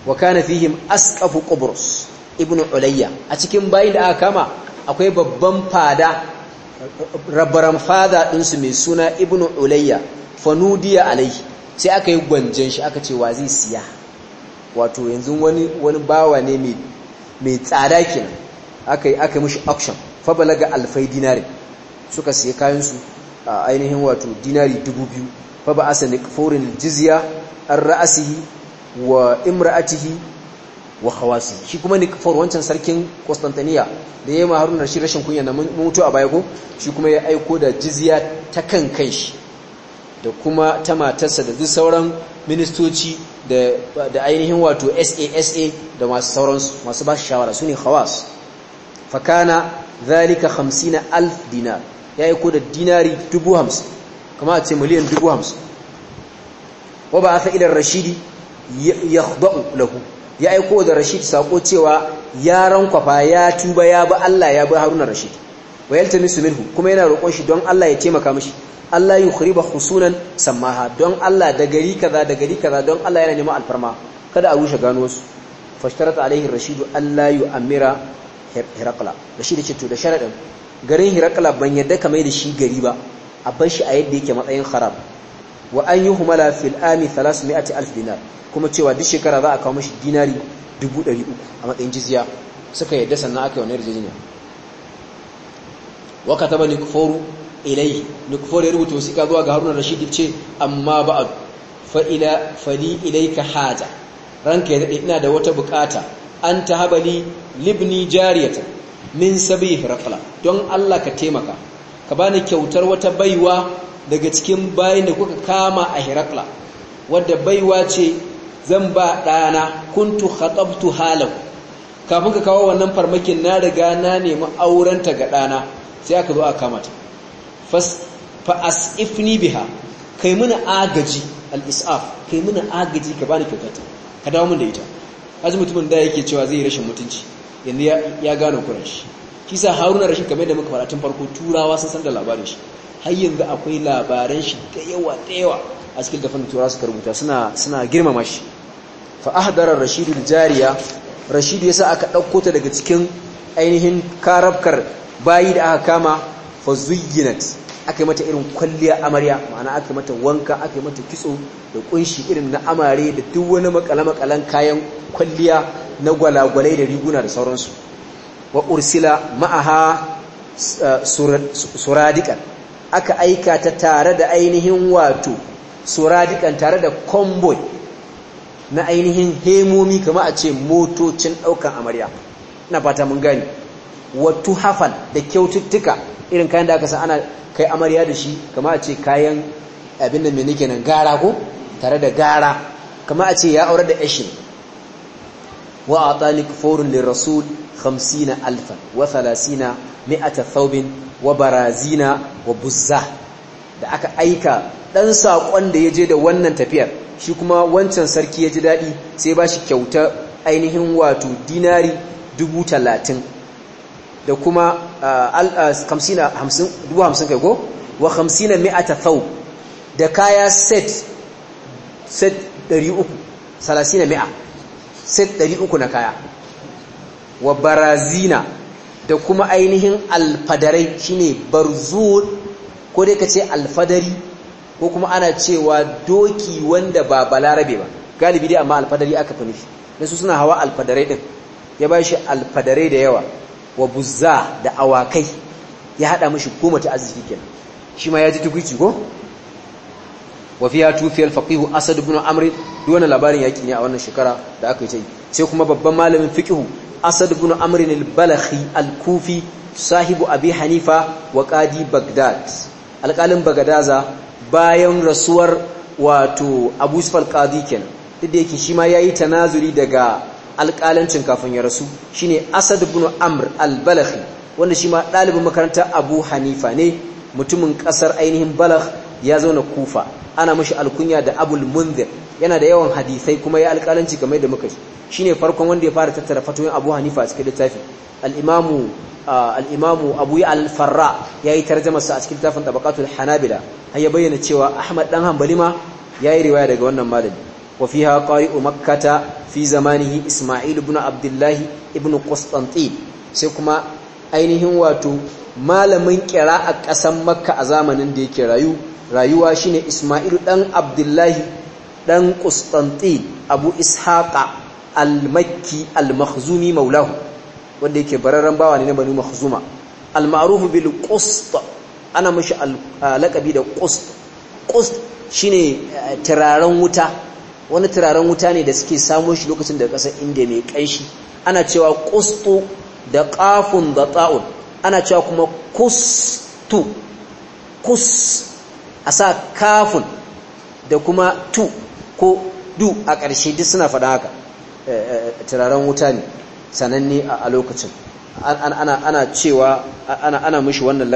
wa kana fihim askafu ibnu ulayya a cikin bayi da aka kama akwai babban fada rabaran fada ɗinsu mai suna ibnu ulayya fanudiya alaihi sai aka yi gwanjen shi aka ce wa zai siya wato yanzu wani wani bawa ne mai mai tsada kenan aka yi aka mishi auction fa ga alfai dinari suka sai kayan su a ainihin wato dinari 2000 fa ba asani furin jizya an ra'asihi wa imra'atihi wa khawasi shi kuma nikfor wancan sarkin Constantinople da yayin maharunar shi rashin kunya na mutu a baya ko shi kuma ya aiko da jiziya ta kan shi da kuma ta matarsa da duk sauran ministoci da ainihin wato SASA da masu sauransu masu ba shawara su ne khawas fakana zalika 50,000 dinar ya yi da dinari 50,000 kama a ce miliyan 50,000 wa ba a fa'ilar rashidi ya lahu ya aiko da rashid sako cewa ya kwafa ya tuba ya bi Allah ya bi haruna rashid wa yalta minhu kuma yana roƙon shi don Allah ya taimaka mashi. Allah yi khuriba husunan don Allah da gari kaza da gari kaza don Allah yana neman alfarma kada a rushe gano su fashtarat alaihi rashidu Allah yu amira hirakla rashid ce to da sharadin garin hirakla ban yadda ka mai da shi gari ba a bar shi a yadda yake matsayin kharab wa an yi humala fil ami alf dinar kuma cewa duk shekara za a kawo mashi dinari 300 a matsayin jizya suka yadda sannan aka yi wannan yarjejeniya wa katabani ilai nukufar ya rubuta wasiƙa zuwa ga haruna rashidi ce amma ba a fa'ila fali ka haja ranka ya daɗe ina da wata bukata an ta habali libni jariyata min sabi hirafala don allah ka taimaka ka ba ni kyautar wata baiwa daga cikin bayan da kuka kama a hirafala wadda baiwa ce zan ba ɗana kuntu haɗabtu halau kafin ka kawo wannan farmakin na riga na nemi aurenta ga ɗana sai aka zo a kamata fa as'ifni biha kai muna agaji al kai muna agaji ka bani kyautata ka dawo min da ita azu mutumin da yake cewa zai rashin mutunci yanzu ya gano kuran shi kisa haruna rashin kamar da muka fara farko turawa sun san da labarin shi har yanzu akwai labaran shi da yawa da yawa a cikin dafan turawa suka rubuta suna suna girmama shi fa ahdara da jariya rashidu yasa aka dauko ta daga cikin ainihin karabkar bayi da aka kama fa zuyyinat aka yi mata irin kwalliya amarya ma'ana aka yi mata wanka aka yi mata kitso da kunshi irin na amare da duk wani makalamakalan makalen kayan kwalliya na gwalagwalai da riguna da sauransu wa ursila ma'aha eh, suradikan aka aika ta tare da ainihin wato suradikan tare da convoy na ainihin hemomi kama a ce motocin daukan amarya na fata mun gani wa tuhafan da kyaututtuka irin kayan da aka san ana kai amarya da shi kama a ce kayan abin da mai nake nan gara ko tare da gara kama a ce ya aure da ashin wa a talik forun da rasul 50 alfa wa 30 mi'ata thaubin wa barazina wa buzza da aka aika dan saƙon da ya je da wannan tafiyar shi kuma wancan sarki ya ji daɗi sai ba shi kyauta ainihin wato dinari dubu talatin da kuma kamsina hamsin dubu hamsin kai ko wa hamsina mi'ata thau da kaya set set ɗari uku salasina mi'a set ɗari uku na kaya wa barazina da kuma ainihin alfadarai shine barzun ko dai ka ce alfadari ko kuma ana cewa doki wanda ba balarabe ba galibi dai amma alfadari aka fi nufi da su suna hawa alfadarai din ya ba shi alfadarai da yawa wa buzza da awakai ya hada mishi goma ta arziki kenan shi ma ya ji tukuci ko wa fiya tufiyal faqihu asad ibn amr wannan labarin yaki ne a wannan shekara da aka yi sai kuma babban malamin fiqhu asad ibn amr al balahi al-kufi sahibu abi hanifa wa qadi bagdad alƙalin bagadaza bayan rasuwar wato abu sufal qadi kenan duk da yake shi ma yayi tanazuri daga alƙalancin kafin ya rasu shi ne Asad bin Amr al-Balakhi wanda shi ma ɗalibin makaranta Abu Hanifa ne mutumin ƙasar ainihin Balakh ya zauna Kufa ana mashi alkunya da Abul Munzir yana da yawan hadisai kuma ya alƙalanci game da muka ne farkon wanda ya fara tattara fatoyin Abu Hanifa cikin littafi al-Imamu Abu al-Farra yayi yi sa a cikin littafin Tabaqatul Hanabila har ya bayyana cewa Ahmad dan Hanbali ma yi riwaya daga wannan malami وفيها قارئ مكة في زمانه Isma'il بن عبد الله ابن قسطنطين سيكما ainihin wato malamin kira a ƙasan makka a zamanin da yake rayu rayuwa shine Isma'il ɗan abdullahi ɗan ƙustantin abu ishaƙa al-makki al-makhzumi maulahu wanda yake bararren bawa ne na banu makhzuma al-ma'rufu bil qust ana mashi lakabi da qust qust shine turaren wuta wani turaren wuta ne da suke samo shi lokacin da kasar inda mai kanshi ana cewa kustu da ƙafun da ta'un ana cewa kuma kustu kus a sa kafun da kuma tu ko du a ƙarshe duk suna faɗa haka eh, eh, turaren wuta ne sananne a lokacin ana cewa ana mishi wannan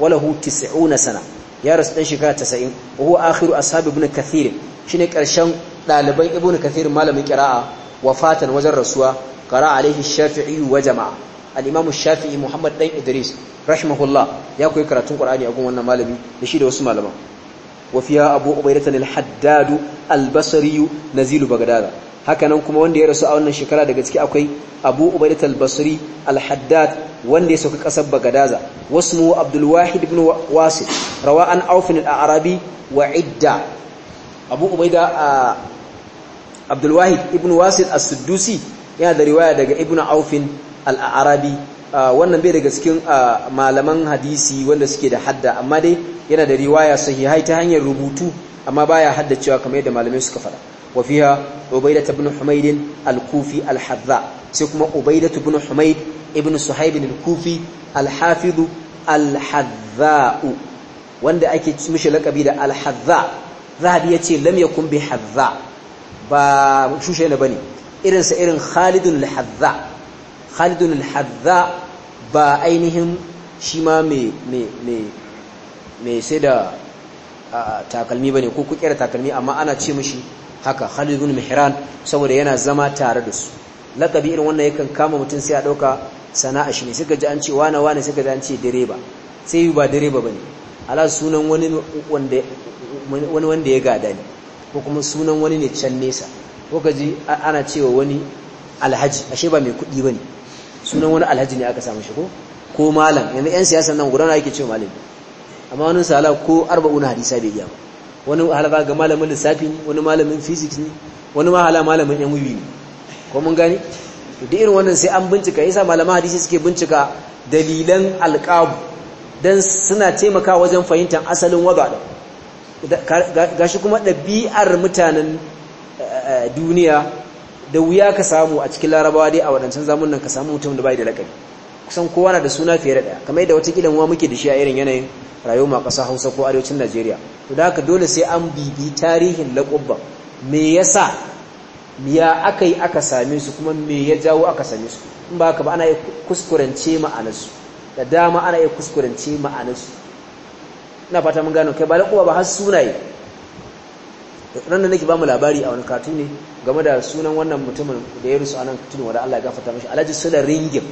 Wala walahu 90 sana ya rasu ɗan shekara 90 wa huwa akhiru ashabi ibn kathir shine ƙarshen ɗaliban ibnu kathir malamin qira'a wafatan wajen rasuwa qara alaihi shafi'i wa jama'a al-imam shafi'i muhammad dan idris rahimahullah ya koyi karatun qur'ani a gun wannan malami da shi da wasu malaman Wafiya fiha abu ubaidah al Haddadu al-basri nazil bagdad hakanan kuma wanda ya rasu a wannan shekara daga ciki akwai abu ubaidat al-basri al-haddad wanda ya sauka kasar bagadaza wasmu abdul wahid ibn rawa an aufin al-arabi wa idda abu ubaida ah, abdulwahid ibn Wasid as-suddusi yana da riwaya daga ibn aufin al-arabi ah, wannan bai daga cikin ah, malaman hadisi wanda suke da hadda amma dai yana da riwaya sahihai ta hanyar rubutu amma baya haddacewa kamar yadda malamai suka fada wa fiha ubaidah ibn humayd al-kufi al-hadza sai kuma ubaidah ibn humayd ibn Suhayb al-kufi al-hafiz al-hadza wanda ake mishi lakabi da al-hadza zahabi yace lam yakun bi hadza ba shushaila bane irinsa irin Khalidun al-Hadza Khalidun al ba ainihin shi ma mai sai da takalmi bane ko kukiyar takalmi amma ana ce mishi haka halidu ibn Mihran saboda yana zama tare da su lakabi irin wannan yakan kama mutum sai a dauka sana'a shi ne suka ji an ce wana wana suka ji an ce direba sai ba direba bane ala sunan wani wanda wani wanda ya gada ne ko kuma sunan wani ne can nesa ko gaji ana cewa wani alhaji ashe ba mai kuɗi ba ne sunan wani alhaji ne aka samu shi ko ko malam yanzu 'yan siyasa nan gudana ake cewa malam amma wani sala ko una hadisa bai iya wani halaba ga malamin lissafi ne wani malamin physics ne wani mahala malamin yan wiwi ne ko mun gani da irin wannan sai an bincika yasa malaman hadisi suke bincika dalilan alqabu dan suna taimaka wajen fahimtar asalin wada'a gashi kuma ɗabi'ar mutanen eh, eh, duniya da wuya ka samu a cikin larabawa dai a waɗancan nan ka samu mutum da bai da lakabi kusan kowa na da suna fiye da ɗaya kamar yadda wata wa muke da shi a irin yanayin rayuwa ƙasa hausa ko arewacin najeriya to da haka dole sai an bibi tarihin laƙubban me ya sa ya aka yi aka same su kuma me ya jawo aka same su in ba haka ba ana iya kuskurance ma'anarsu da dama ana iya kuskurance ma'anarsu ina fata mun gano kai ba laƙuba ba har sunaye ran da nake ba mu labari a wani katu ne game da sunan wannan mutumin da ya rusu anan tuni wanda Allah ya gafarta mishi Alhaji Sula Ringin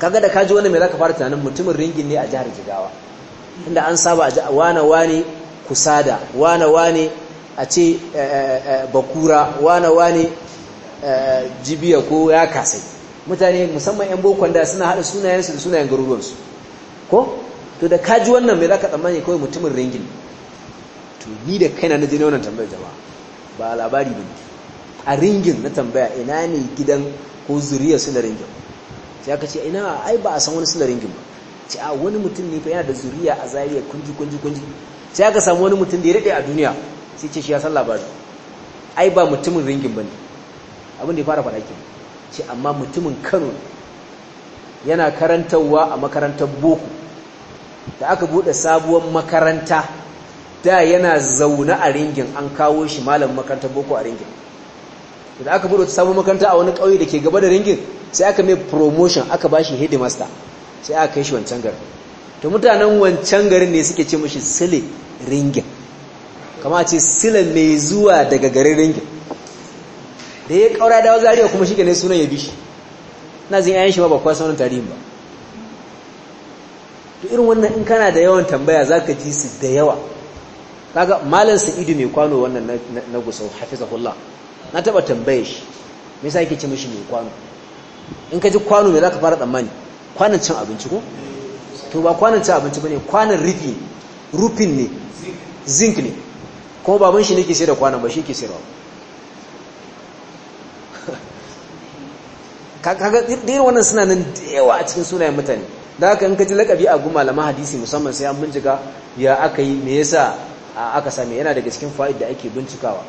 kaga da kaji wannan me zaka fara tunanin mutumin Ringin ne a jihar Jigawa inda an saba a wana wane kusada wana wane a ce eh, eh, eh, bakura wana wane jibiya ko ya kasai mutane musamman yan bokon da suna hada su da sunayen garuruwansu ko to da kaji wannan mai zaka tsammani kawai mutumin ringin to ni da kaina na je ne wannan tambayar jama'a ba labari ba a ringin na tambaya ina ne gidan ko zuriyar su da ringin sai aka ce ina ai ba a san wani su da ringin ba ce a wani mutum ne fa yana da zuriya a zariya kunji kunji kunji sai aka samu wani mutum da ya rade a duniya sai ce shi ya san labari ai ba mutumin ringin ba ne abin da ya fara faɗaki ce amma mutumin kano yana karantarwa a makarantar boko da aka bude sabuwar makaranta da yana zaune a ringin an kawo shi malamin makaranta boko a ringin da aka bude sabuwar makaranta a wani kauye da ke gaba da ringin sai aka mai promotion aka ba shi headmaster sai aka kai shi wancan garin to mutanen wancan garin ne suke ce mishi sile ringin kama ce sile mai zuwa daga garin ringin da ya kaura dawo zariya kuma shi ne sunan ya bi shi na zin yayin shi ba kwasa wani tarihin ba to irin wannan in kana da yawan tambaya zaka ji su da yawa kaga malam sa'idu mai kwano wannan na gusau hafizahullah na taba tambaye shi me yasa yake ce mishi mai kwano in ka ji kwano me zaka fara tsammani kwanan cin abinci ko to ba kwanan cin abinci bane kwanan rufi rufin ne zinc ne kuma baban shi ne ke sai da kwanan ba shi ke sayarwa (laughs) kaga irin wannan suna nan da yawa a cikin sunayen mutane da haka in ka ji lakabi a gun malaman hadisi musamman sai an bincika ya aka yi me yasa aka same yana daga cikin fa'id da ake bincikawa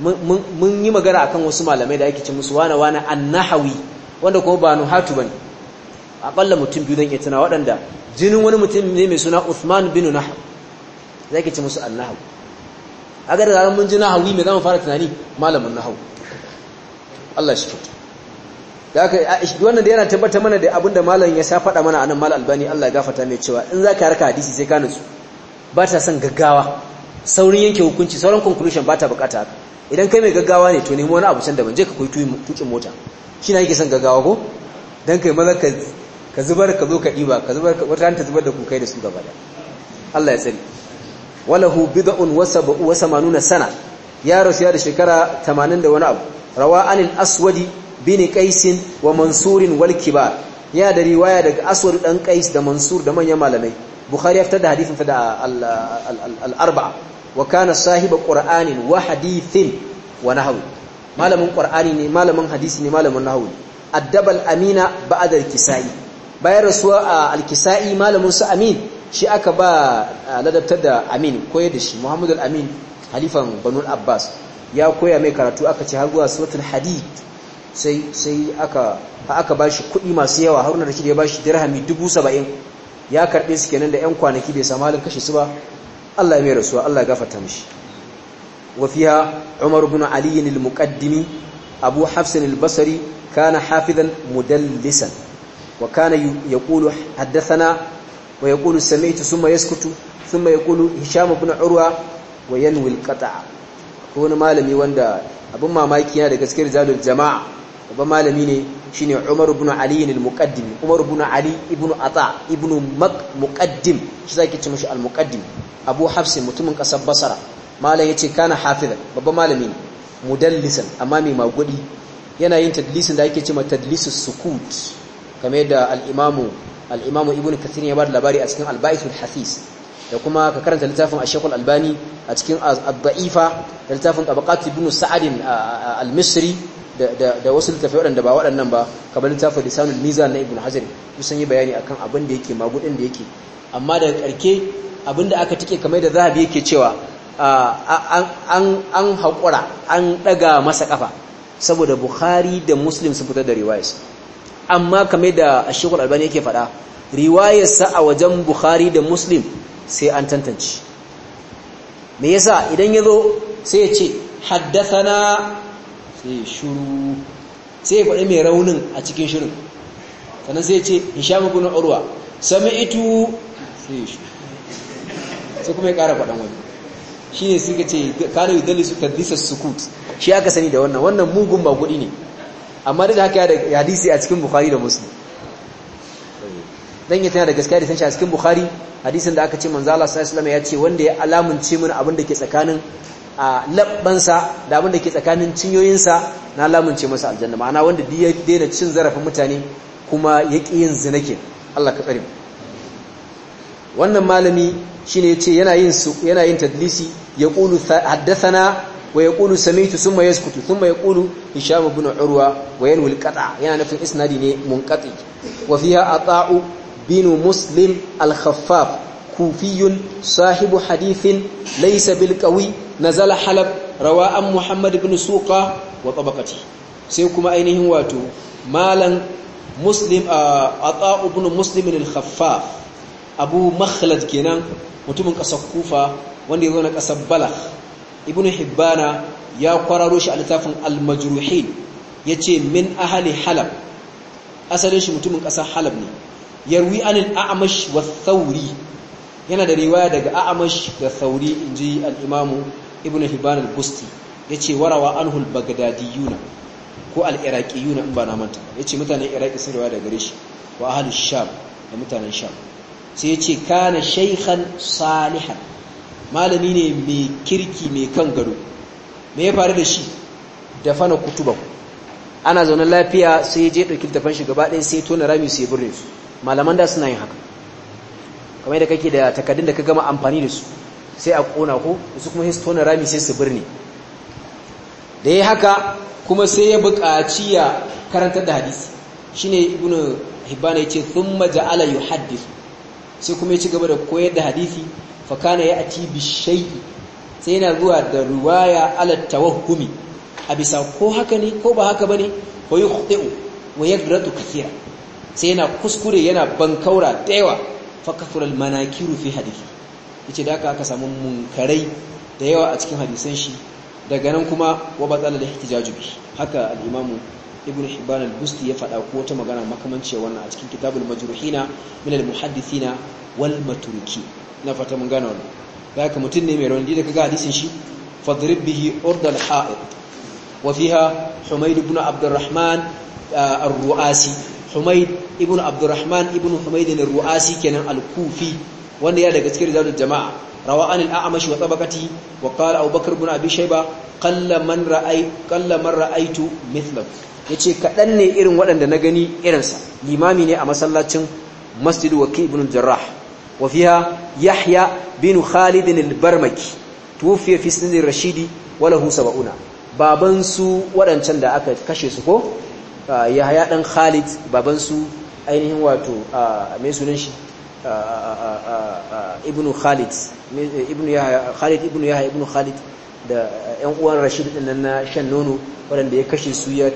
mun yi magana akan wasu malamai da ake ci musu wana wana annahawi wanda kuma ba nuhatu bane kalla mutum biyu dan itina waɗanda jinin wani mutum ne mai suna Uthman bin Nahab zaki ci musu annahawi agar da mun ji nahawi me zamu fara tunani malamin nahawi Allah shi kyauta da haka wannan da yana tabbata mana da abinda malam ya sa faɗa mana anan mal albani Allah ya gafarta mai cewa in zaka harka hadisi sai ka nutsu ba ta son gaggawa saurin yanke hukunci sauran conclusion ba ta bukata haka idan kai mai gaggawa ne to nemi wani abu can da je ka koyi tukin mota shi na yake son gaggawa ko dan kai maza ka ka zubar ka zo ka diba ka zubar ka wata ta zubar da ku kai da su gaba da Allah ya sani walahu bid'un wa sab'u wa 80 sana ya rasu ya da shekara 80 da wani abu rawa anil aswadi bin qaisin wa mansurin wal kibar ya da riwaya daga aswad dan qais da mansur da manyan malamai bukhari ya fitar da hadisin da al arba'a wa kana sahiba qur'anin wa hadithin wa nahwi malamin qur'ani ne malamin hadisi ne malamin nahwi addabal amina ba'da al-kisai bayan rasuwa al-kisai malamin su amin shi aka ba ladabtar da amin koyar da shi muhammad al-amin halifan banu abbas ya koya mai karatu aka ce har zuwa suratul hadid sai sai aka aka bashi kuɗi masu yawa Haruna Rashid ya bashi dirhami 70 ya karbe su kenan da 'yan kwanaki bai samu halin kashe su ba Allah ya mai rasuwa Allah ya gafarta mishi wa fiha Umar ibn Ali al-Muqaddimi Abu Hafs al-Basri kana hafizan mudallisan wa kana yaqulu haddathana wa yaqulu sami'tu thumma yaskutu thumma yaqulu Hisham ibn Urwa wa yanwi al-qata' malami wanda abin mamaki yana da gaske rijalul jama'a babban malami ne shine Umar ibn Ali al-Muqaddim Umar ibn Ali ibn Ata ibn Muqaddim shi zaki ce mishi al-Muqaddim Abu Hafs mutumin kasar Basra malam yace kana hafiz babban malami ne mudallisan amma mai magudi yana yin tadlisin da ake cewa tadlisus sukut kamar da al-Imam al-Imam Ibn Kathir ya bada labari a cikin al-Ba'ithul Hafiz da kuma ka karanta littafin Ashekul Albani a cikin ad da littafin Tabaqat Ibn sa'adin Al-Misri da wasu littafai waɗanda ba waɗannan ba kamar littafin Lisanul miza na Ibn Hajar sun yi bayani akan abin da yake magudin da yake amma daga karke abin da aka tike kamar da Zahabi yake cewa an haƙura an ɗaga masa ƙafa saboda Bukhari da Muslim sun fitar da riwayas amma kamar da Ashekul Albani yake faɗa riwayarsa a wajen Bukhari da Muslim sai an tantance me yasa idan ya zo sai ya ce haddathana sai shuru sai ya faɗi mai raunin a cikin shirin sannan sai ya ce hisham ibn urwa sami'tu sai shuru sai kuma ya ƙara faɗan wani shi ne suka ce kana yudalli su tadlisa sukut shi aka sani da wannan wannan mugun ba gudi ne amma da haka ya hadisi a cikin bukhari da muslim dan yi tana da gaskiya da san shi a cikin bukhari hadisin da aka ce manzo Allah sallallahu alaihi wasallam ya ce wanda ya alamunce mun abin da ke tsakanin labbansa da abin da ke tsakanin cinyoyinsa na alamunce masa aljanna ma'ana wanda duk ya daina cin zarafin mutane kuma ya ki yin zina Allah ka tsare wannan malami shine yace yana yin yana yin tadlisi qulu haddathana wa yaqulu sami'tu thumma yaskutu thumma yaqulu hisham ibn urwa wa yanwi al yana nufin isnadi ne munqati wa fiha ata'u بن مسلم الخفاف كوفي صاحب حديث ليس بالقوي نزل حلب رواء محمد بن سوقة وطبقته سيكما أينه واتو مالا مسلم عطاء بن مسلم الخفاف أبو مخلد كنان mutumin ƙasar kufa wanda ya zo na ƙasar balagh ibn hibbana ya kwararo shi a littafin al ya ce min ahli halab asalin shi mutumin ƙasar halab ne yarwi anil a'amash wa sauri yana da riwaya daga a'amash da sauri inji al-imamu ibnu hibban al-busti yace warawa anhu al-bagdadiyuna ko al-iraqiyuna in ba na manta yace mutanen iraqi sun riwaya daga gare shi wa ahlus sham da mutanen sham sai yace kana shaykhan salihan malami ne mai kirki mai kan gado me ya faru da shi da fana kutuba ana zaune lafiya sai je ɗauki littafan shi gaba ɗaya sai tona rami sai ya birne su malaman da suna yin haka kamar da kake da takaddun da ka gama amfani da su sai a kona ko su kuma histona rami sai su birni da ya haka kuma sai ya buƙaci ya karantar da hadisi shine ibnu hibana yace thumma ja'ala yuhaddith sai kuma ya ci gaba da koyar da hadisi fa kana ya'ti bi shay'i sai yana zuwa da ruwaya ala tawahhumi a bisa ko haka ne ko ba haka bane wa yukhti'u wa yagratu kathira sai yana kuskure yana bankaura da yawa fakafural manakiru fi hadithi yace da aka samu munkarai da yawa a cikin hadisan shi daga nan kuma wa batal da ihtijaju bi haka al-imamu ibn hibban al-busti ya faɗa ko ta magana makamanci wannan a cikin kitabul majruhina min al-muhaddithina wal maturki na fata mun gane wannan da aka mutum ne mai rauni da kaga hadisin shi fadrib bihi urdal ha'id wa fiha humayd ibn abd ah, ar Humaid ibn Abdurrahman ibn Humaid al-Ru'asi kenan al-Kufi wanda ya daga cikin rijalul jama'a rawa an al-A'mash wa tabaqati wa qala Abu Bakr ibn Abi Shayba qalla man ra'ay qalla man ra'aytu mithlahu yace kadan ne irin waɗanda na gani irinsa limami ne a masallacin Masjid Waqi ibn jarrah wa fiha Yahya bin Khalid al-Barmaki tuwfiya fi sinin Rashidi wa lahu 70 baban su waɗancan da aka kashe su ko yahaya dan khalid babansu ainihin wato mai sunan shi ibnu khalid ibnu yahaya khalid ibnu yahya ibnu khalid da yan uwan rashid din nan na shan nono waɗanda ya kashe su ya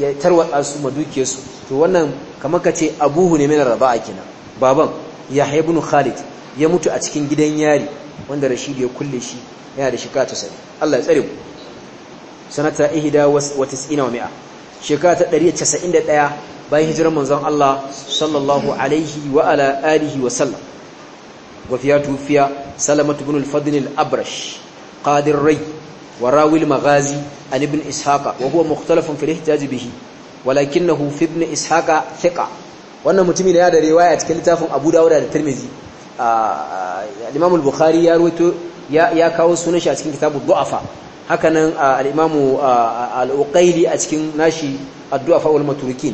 ya tarwatsa su maduke su to wannan kamar ka ce abuhu ne mai raba'a kenan baban yahya ibn khalid ya mutu a cikin gidan yari wanda rashid ya kulle shi yana da shika ta sani Allah ya tsare mu sanata ihda wa 90 wa shekara ta 191 bayan hijirar manzon Allah sallallahu alaihi wa ala alihi wa sallam wafiya tufiya salamat ibn al-fadl al-abrash qadir ray wa rawi al-maghazi an ibn ishaqa wa huwa mukhtalafun fi al-ihtiyaj bihi walakinahu fi ibn ishaqa thiqa wannan mutumi ne ya da riwaya cikin littafin Abu Dawud da Tirmidhi al-Imam ah, ah, al-Bukhari ya ruwaito ya kawo sunan shi a cikin kitabu du'afa hakanan al-imamu al a cikin nashi addu'a fa'ul maturkin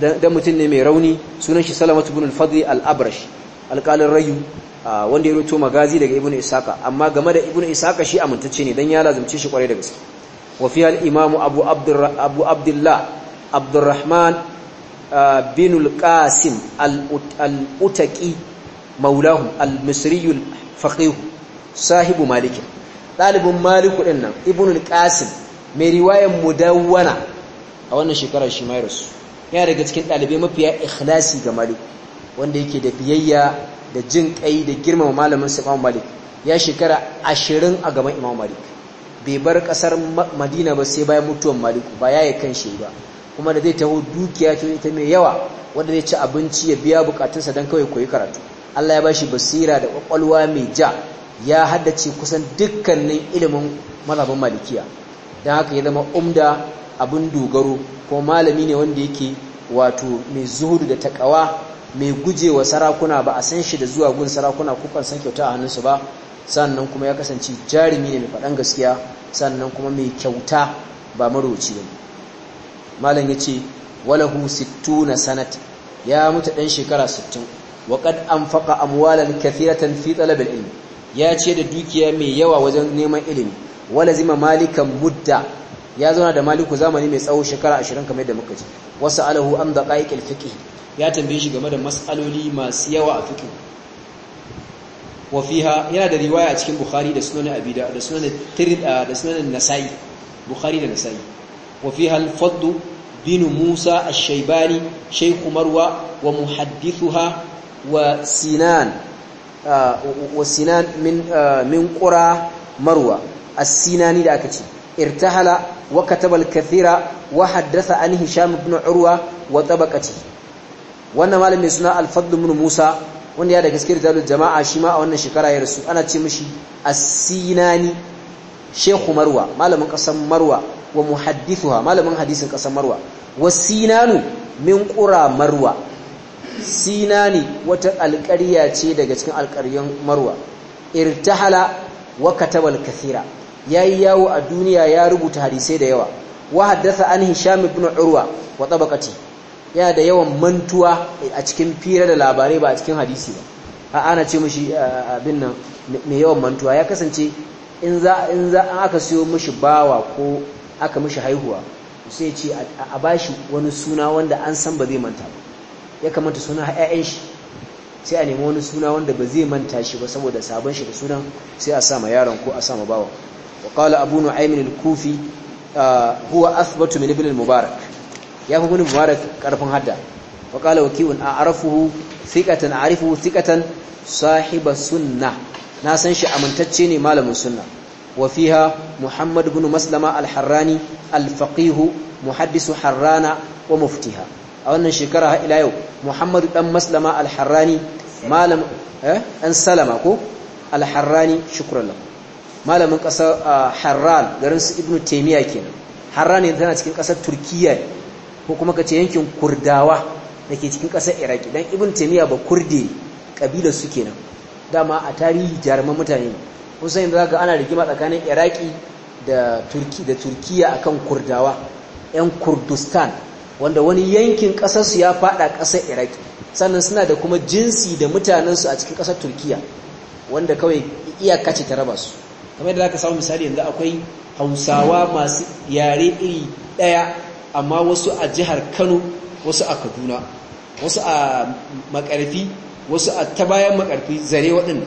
dan mutum ne mai rauni sunan shi salamatu ibn al-fadl abrash alqalin rayu wanda ya roto magazi daga ibnu isaka amma game da ibn isaka shi amintacce ne don ya lazumce shi kwarai da gaske wa fi imam abu abdullah abdurrahman bin al-qasim al'utaki maulahu al misriyul al sahibu maliki. ɗalibin maliku ɗin nan ibnul qasim mai riwayan mudawana a wannan shekarar shi mai rasu yana daga cikin ɗalibai mafiya ikhlasi ga maliku wanda yake da biyayya da jin kai da girmama malamin sa Imam Malik ya shekara ashirin a gaban Imam Malik bai bar ƙasar Madina ba sai bayan mutuwan Malik ba ya kan kanshi ba kuma da zai taho dukiya ce ita mai yawa wanda zai ci abinci ya biya bukatunsa don kawai koyi karatu Allah ya bashi basira da kwakwalwa mai ja ya haddace kusan dukkanin ilimin mazhabin malikiya don haka ya zama umda abin dogaro ko malami ne wanda yake wato mai zuhudu da takawa mai gujewa sarakuna ba a san shi da zuwa gun sarakuna ko kan san kyauta a hannunsu ba sannan kuma ya kasance jarumi ne mai faɗan gaskiya sannan kuma mai kyauta ba maroci ba malam ya ce walahu sittuna sanat ya mutu ɗan shekara sittin wa an faƙa amwalan kafiratan fi talabil ilmi ya ce da dukiya mai yawa wajen neman ilimi wala zima malikan mudda ya zauna da maliku zamani mai tsawo shekara 20 kamar yadda muka ji wasu alahu an da qa'iqil fiqh ya tambaye shi game da mas'aloli masu yawa a fiqh wa fiha yana da riwaya a cikin bukhari da sunan abi da sunan da sunan nasa'i bukhari da nasa'i wa fiha al bin musa ash-shaybani shaykh marwa wa muhaddithuha wa sinan wasinan min qura marwa as-sinani da aka ce irtahala wa kataba al-kathira wa haddatha an hisham ibn urwa wa tabaqati wannan malamin suna al-fadl ibn musa wanda ya da gaskiyar talul jama'a shi ma a wannan shekara ya rasu ana ce mishi as-sinani shekhu marwa malamin kasan marwa wa muhaddithuha malamin hadisin kasan marwa wasinanu min qura marwa Sinani wata alƙariya ce daga cikin alƙaryun marwa irtahala wa katabal kathira yayi yawo a duniya ya rubuta hadisai da yawa wa haddatha an hisham ibn urwa wa tabaqati yana da yawan mantuwa a cikin fira da labarai ba a cikin hadisi ba a ana ce mishi abin nan mai yawan mantuwa ya kasance in za in za aka siyo mishi bawa ko aka mishi haihuwa sai ce a bashi wani suna wanda an san ba zai manta ba ya kamata suna ƴaƴan shi sai a nemi wani suna wanda ba zai manta shi ba saboda sabon shi da sunan sai a sa ma yaron ko a sa ma bawa wa qala abu nu'aym al-kufi ah, huwa athbatu min ibn al-mubarak ya fi gudun mubarak karfin hadda wa qala wakiun a'rafuhu thiqatan a'rifuhu thiqatan sahiba sunna na san shi amintacce ne malamin sunna wa fiha muhammad ibn maslama al-harrani al-faqih muhaddisu harrana wa muftiha a wannan shekara har ila yau muhammadu dan maslama al-harrani malam eh an salama ko al-harrani shukran lahu malamin kasar harran garin su ibnu taymiya kenan harran yana tana cikin kasar turkiya ko kuma kace yankin kurdawa dake cikin kasar iraki dan ibnu taymiya ba kurde kabila su kenan dama a tarihi jaruman mutane ne kun san yadda zaka ana rigima tsakanin iraki da turki da turkiya akan kurdawa yan kurdistan wanda wani yankin ƙasarsu ya faɗa ƙasar iraki sannan suna da kuma jinsi da mutanensu a cikin ƙasar turkiya wanda kawai iyaka ce ta raba su kamar yadda za samu misali yanzu akwai hausawa masu yare iri ɗaya amma wasu a jihar kano wasu a kaduna wasu a makarfi wasu a ta bayan makarfi zare waɗanda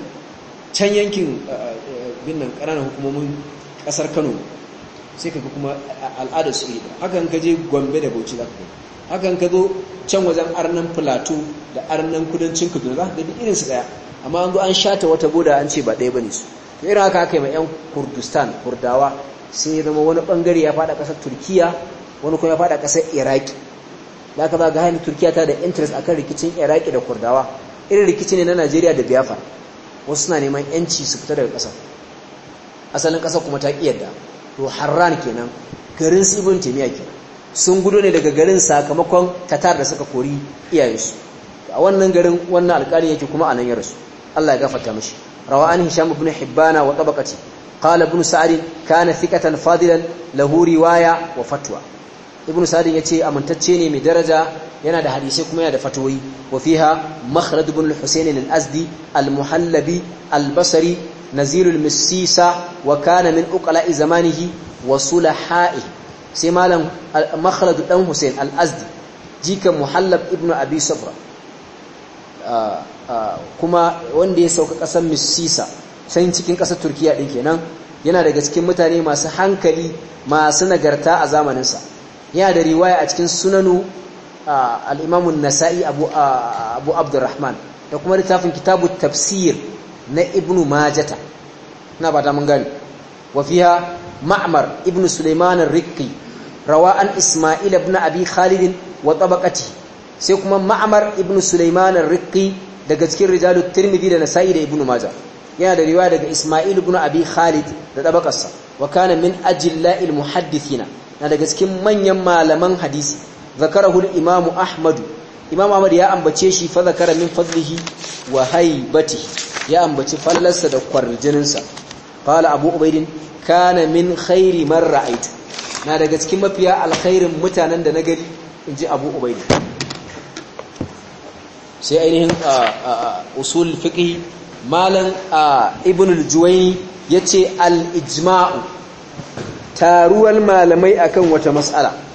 can yankin eh, eh, eh, binnan ƙananan hukumomin ƙasar kano sai ka kuma al'adar su hakan ka je gombe da bauchi za ka gani hakan ka zo can wajen arnan filato da arnan kudancin kudu za ka irin irinsu daya amma an zo an shata wata boda an ce ba ɗaya ba ne su irin haka aka yi ma 'yan kurdistan kurdawa sai ya zama wani bangare ya fada ƙasar turkiya wani kuma ya fada ƙasar iraki da aka ba ga hannun turkiya ta da interest akan rikicin iraki da kurdawa irin rikici ne na najeriya da biafra wasu suna neman yanci su fita daga ƙasar asalin ƙasar kuma ta ƙi yadda to harran kenan garin su ibn taymiya kenan sun gudu ne daga garin sakamakon tatar da suka kori iyayensu a wannan garin wannan alƙali yake kuma anan ya rasu Allah ya gafarta mishi rawan hisham ibn hibbana wa tabaqati qala ibn sa'd kana thiqatan fadilan lahu riwaya wa fatwa ibn sa'd yace amintacce ne mai daraja yana da hadisi kuma yana da fatawoyi wa fiha makhrad ibn al-husayn al-azdi al-muhallabi al-basri nazirul misisa wa kana min uqala'i zamanihi wa sulaha'i sai malam makhlad dan Hussein al-Azdi jikan Muhallab ibn ah, ah, kuma wanda ya sauka ƙasar misisa sai cikin ƙasar Turkiya din kenan yana daga cikin mutane masu hankali masu nagarta a zamaninsa yana da riwaya a cikin sunanu ah, al nasai Abu Abdurrahman da kuma littafin kitabun tafsir na ibnu majata na ba ta mun gani wa fiha ma'mar ibnu sulaiman ar-rikki rawa an isma'il ibn abi khalid wa tabaqati sai kuma ma'mar ibnu sulaiman ar-rikki daga cikin rijalut tirmidhi da nasa'i da ibnu majah yana da riwaya daga Ismail ibn Abi Khalid da tabakarsa wa kana min ajilla'il muhaddithina na daga cikin manyan malaman hadisi zakarahu al-Imam Ahmad imam ahmad ya ambace shi fa zakara min fadlihi wa ya ambaci fallarsa da kwarjininsa qala abu ubaidin kana min khairi man ra'aytu na daga cikin mafiya alkhairin mutanen da na gari inji abu ubaidin sai ainihin usul fiqh malam ibn al-juwayni yace al-ijma'u taruwar malamai akan wata mas'ala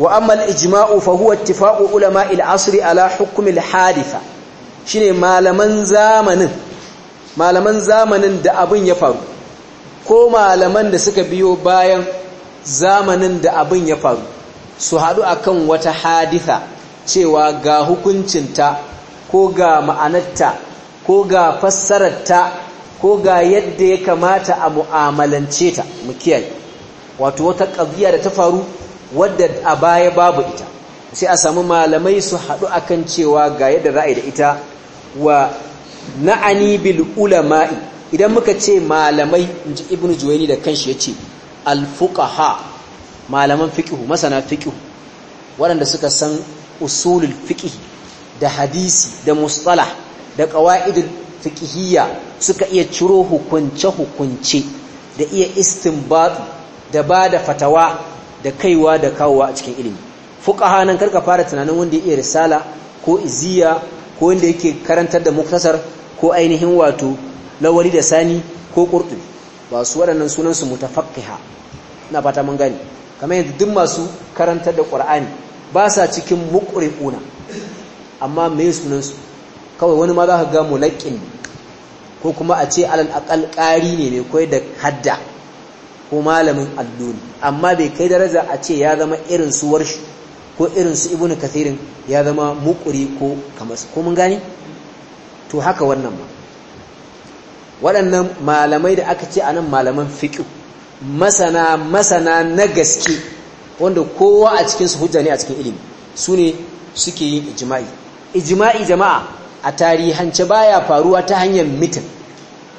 wa amma al-ijma'u fa huwa ittifaqu ulama al-asr ala hukm al-haditha shine malaman zamanin malaman da abin ya faru ko malaman da suka biyo bayan zamanin da abun ya faru su haɗu akan wata haditha cewa ga hukuncinta ko ga ma'anarta ko ga fassararta ko ga yadda ya kamata a mu'amalance ta mu kiyaye wato wata ƙabiya da ta faru wadda a baya babu ita sai a samu malamai su haɗu kan cewa ga yadda ra'ayi da ita wa na'ani bil ulama'i idan muka ce malamai inji ibnu juwaini da kanshi yace al fuqaha malaman fiqh masana fiqh waɗanda suka san usulul fiqh da hadisi da mustalah da qawaidul fiƙihiyya suka iya ciro hukunce hukunce da iya istinbat da ba da fatawa da kaiwa da kawowa a cikin ilimi fuqaha nan karka fara tunanin wanda ya iya risala ko iziya ko wanda yake karantar da muktasar ko ainihin wato lawali da sani ko qurtubi ba su waɗannan sunan su mutafaqqiha ina fata mun gani kamar yadda duk masu karantar da qur'ani ba sa cikin muqri'una amma me sunan su kawai wani ma za ka ga mulaqqin ko kuma a ce alal aqal qari ne mai koyar da hadda ko malamin allo amma bai kai daraja a ce ya zama irin su warshi ko irin su ibnu kathirin ya zama muƙuri ko kamar ko mun gane to haka wannan ma waɗannan malamai da aka ce anan malaman fiqh masana masana na gaske wanda kowa a cikin su hujja ne a cikin ilimi su ne suke yin ijma'i ijma'i jama'a a tarihance baya faruwa ta hanyar mitin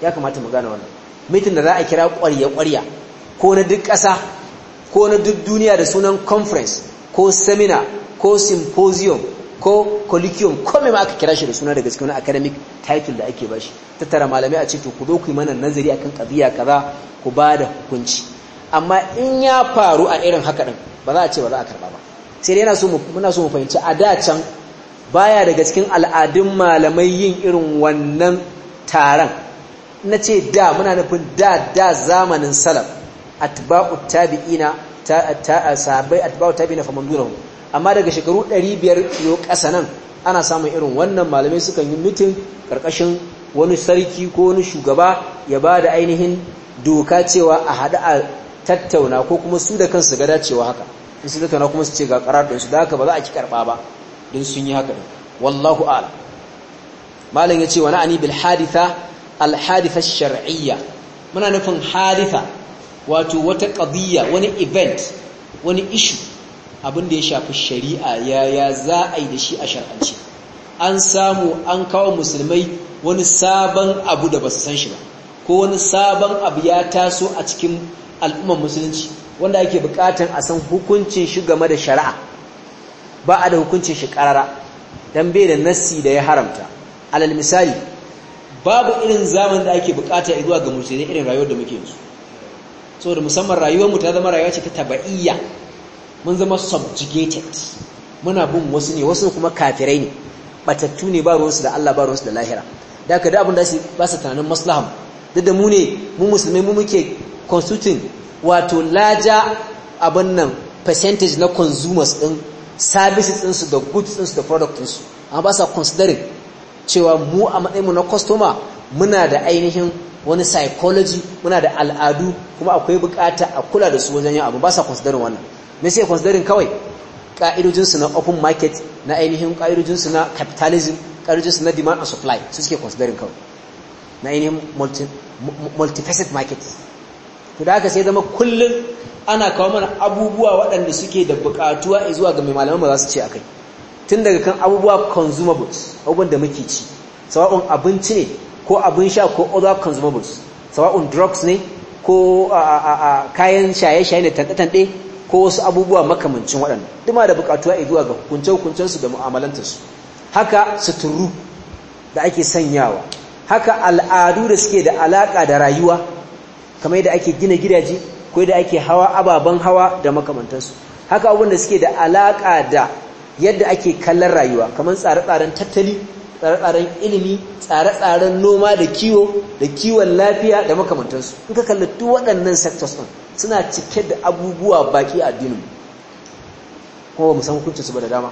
ya kamata mu gane wannan mitin da za a kira ƙwarya-ƙwarya ko na duk ƙasa ko na duk duniya da sunan conference ko seminar ko symposium ko colloquium ko mai ma aka kira shi da suna daga cikin academic title da ake bashi tattara malamai a cikin ku zo ku yi mana nazari akan kaziya kaza ku ba da hukunci amma in ya faru a irin haka ɗin, ba za a ce ba za a karɓa ba sai dai muna so mu fahimci a da can baya daga cikin al'adun malamai yin irin wannan taron na ce da muna nufin da da zamanin salaf atba'u tabi'ina ta ta atba'u tabi'ina faman dunahu amma daga shekaru 500 yo kasa nan ana samun irin wannan malamai sukan yi mutum karkashin wani sarki ko wani shugaba ya ba da ainihin doka cewa a hada a tattauna ko kuma su da kansu ga dacewa haka in su tattauna kuma su ce ga karar da su da haka ba za a ki karba ba don sun yi haka wallahu a'lam malam yace wa na'ani bil haditha al haditha shar'iyya muna nufin haditha wato wata ƙabiya wani event wani ishu abinda ya shafi shari'a ya ya za a yi da shi a shar'anci an samu an kawo musulmai wani sabon abu da ba su san shi ba ko wani sabon abu ya taso a cikin al'ummar musulunci wanda ake bukatan a san hukuncin shi game da shari'a ba a da hukuncin shi karara don bai da nassi da ya haramta alal misali babu irin zamani da ake bukata zuwa ga musulmai irin rayuwar da muke yanzu saboda musamman rayuwarmu ta zama rayuwa ce ta taba'iyya mun zama subjugated muna bin wasu ne wasu kuma kafirai ne batattu ne ba ruwansu da Allah ba ruwansu da lahira da ka da abin da ba su tunanin maslaham duk da mu ne mu musulmai mu muke constituting wato laja abin nan percentage na consumers din services din su da goods din su da products din su amma ba sa considering cewa mu a matsayin mu na customer muna da ainihin wani psychology muna da al'adu kuma akwai bukata a kula da su wajen yin abu ba sa considering wannan me sai considering kawai ka'idojinsu na open market na ainihin ka'idojinsu na capitalism ka'idojinsu na demand and supply su suke considering kawai na ainihin multifaceted market to da haka sai zama kullum ana kawo mana abubuwa waɗanda suke da buƙatuwa zuwa ga mai malaman ba za su ce akai tun daga kan abubuwa consumables abubuwan da muke ci sawa'un abinci ne ko abin sha ko other consumables sawa'un drugs ne ko kayan shaye-shaye da tanɗe ko wasu abubuwa makamancin waɗanda duma da buƙatuwa a zuwa ga hukunce-hukuncensu da mu'amalantarsu haka suturu da ake sanyawa haka al'adu da suke da alaƙa da rayuwa kamar yadda ake gina gidaje ko yadda ake hawa ababen hawa da makamantansu haka abubuwan da suke da alaƙa da yadda ake kallon rayuwa kamar tsare-tsaren tattali tsare-tsaren ilimi tsare-tsaren noma da kiwo da kiwon lafiya da makamantansu in ka kalli duk waɗannan sectors ɗin suna cike da abubuwa baƙi a addinin kuma ba mu san hukuncinsu su ba da dama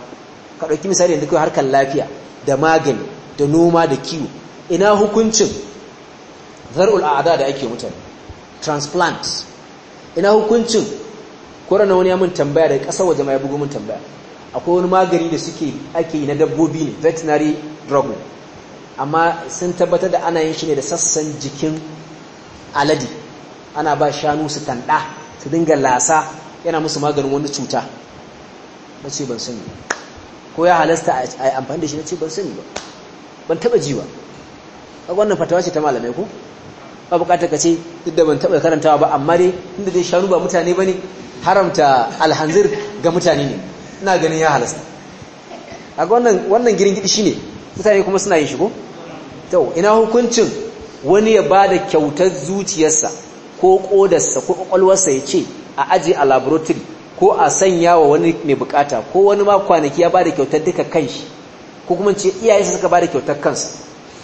ka ɗauki misali yanzu kawai harkar lafiya da magani da noma da kiwo ina hukuncin zar'ul a'ada da ake mutane transplant ina hukuncin na wani ya mun tambaya da ƙasar waje ma ya bugu mun tambaya akwai wani magani da suke ake yi na dabbobi ne veterinary rago amma sun tabbatar da ana yin shi ne da sassan jikin aladi ana ba shanu su tanda su dinga lasa yana musu maganin wani cuta na ce ban sani ko ya halasta a yi amfani da shi na ce ban sani ba ban taba ji ba a wannan fatawa ce ta malamai ku ba bukata ka ce duk da ban taba karantawa ba amma dai inda dai shanu ba mutane ba ne haramta alhanzir ga mutane ne ina ganin ya halasta a wannan girin gidi ne. mutane kuma suna yin shigo to ina hukuncin wani ya bada kyautar zuciyarsa ko kodarsa ko kwakwalwarsa ya ce a aji a laboratory ko a sanya wa wani mai bukata ko wani ma kwanaki ya bada kyautar duka kanshi ko kuma ce iyayensa suka bada kyautar kansa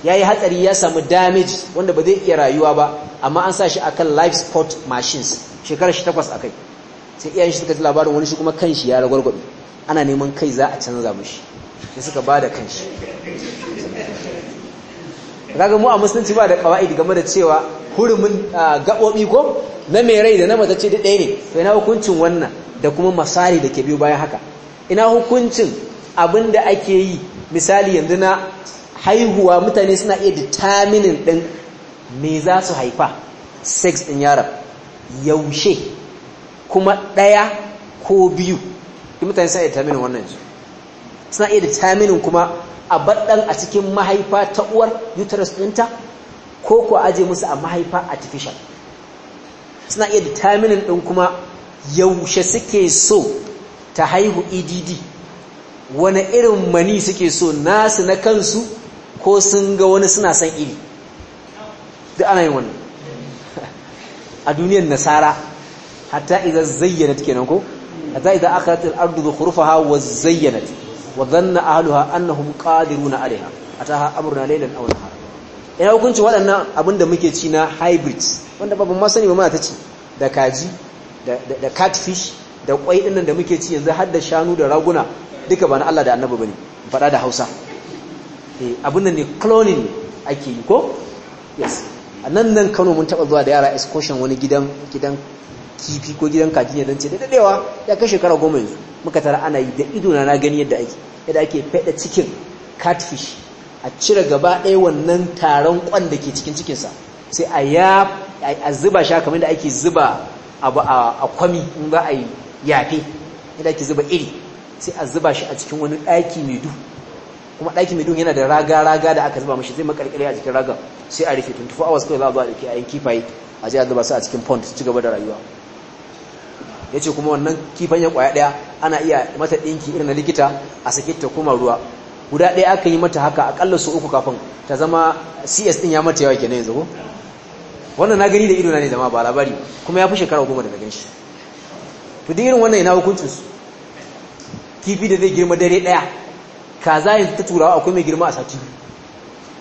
yayi hatsari ya samu damage wanda ba zai iya rayuwa ba amma an sa shi akan life support machines shekarar shi takwas akai sai iyayen shi suka ji labarin wani shi kuma kanshi ya ragwargwabe ana neman kai za a canza mishi sai suka bada kanshi kaga mu a musulunci ba da kawai game da cewa hurumin gabobi ko na mai rai da na mata ce ɗaya ne to ina hukuncin wannan da kuma masari da ke biyu bayan haka ina hukuncin abin da ake yi misali yanzu na haihuwa mutane suna iya determinin ɗin me za su haifa sex ɗin yaron yaushe kuma ɗaya ko biyu mutane suna iya wannan suna iya kuma a baddan a cikin mahaifa ta uwar uterus ɗinta ko ko aje musu a mahaifa artificial suna iya determining ɗin kuma yaushe suke so ta haihu edd wani irin mani suke so nasu na kansu ko sun ga wani suna son iri duk ana yin wannan (laughs) a duniyar nasara hatta idan zayyanat kenan ko hatta idan aka ratar ardu da hurufaha wa zayyanat wa dhanna ahluha annahum qadiruna alaiha ataha amruna laylan aw ina hukunci waɗannan abinda muke ci na hybrids wanda babu masani ba muna ta ci da kaji da catfish da kwai ɗinnan da muke ci yanzu har da shanu da raguna duka ba na Allah da ba ne faɗa da Hausa eh ne cloning ake yi ko yes a nan nan Kano mun taɓa zuwa da yara excursion wani gidan gidan kifi ko gidan kaji ne dan ce da dadewa ya kai shekara goma yanzu muka tara ana yi da ido na gani yadda ake yadda ake fada cikin catfish a cire gaba ɗaya wannan taron kwan da ke cikin cikinsa sai a ya a zuba shi kamar da ake zuba abu a kwami in ba a yi yafe yadda ake zuba iri sai a zuba shi a cikin wani ɗaki mai duhu kuma ɗaki mai du yana da raga-raga da aka zuba mashi zai makarƙare a cikin raga sai a rufe 24 hours kawai za a zuwa a ke a kifaye a je a zuba su a cikin pond ci gaba da rayuwa ya ce kuma wannan kifan ya kwaya daya ana iya mata ɗinki irin na likita a sake ta kuma ruwa guda ɗaya aka yi mata haka akalla su uku kafin ta zama cs ɗin ya mata yawa kenan yanzu ko wannan na gani da idona ne zama ba labari kuma ya fi shekara goma da gan shi to duk irin wannan na hukuncin su kifi da zai girma dare daya kaza yanzu ta turawa akwai mai girma a sati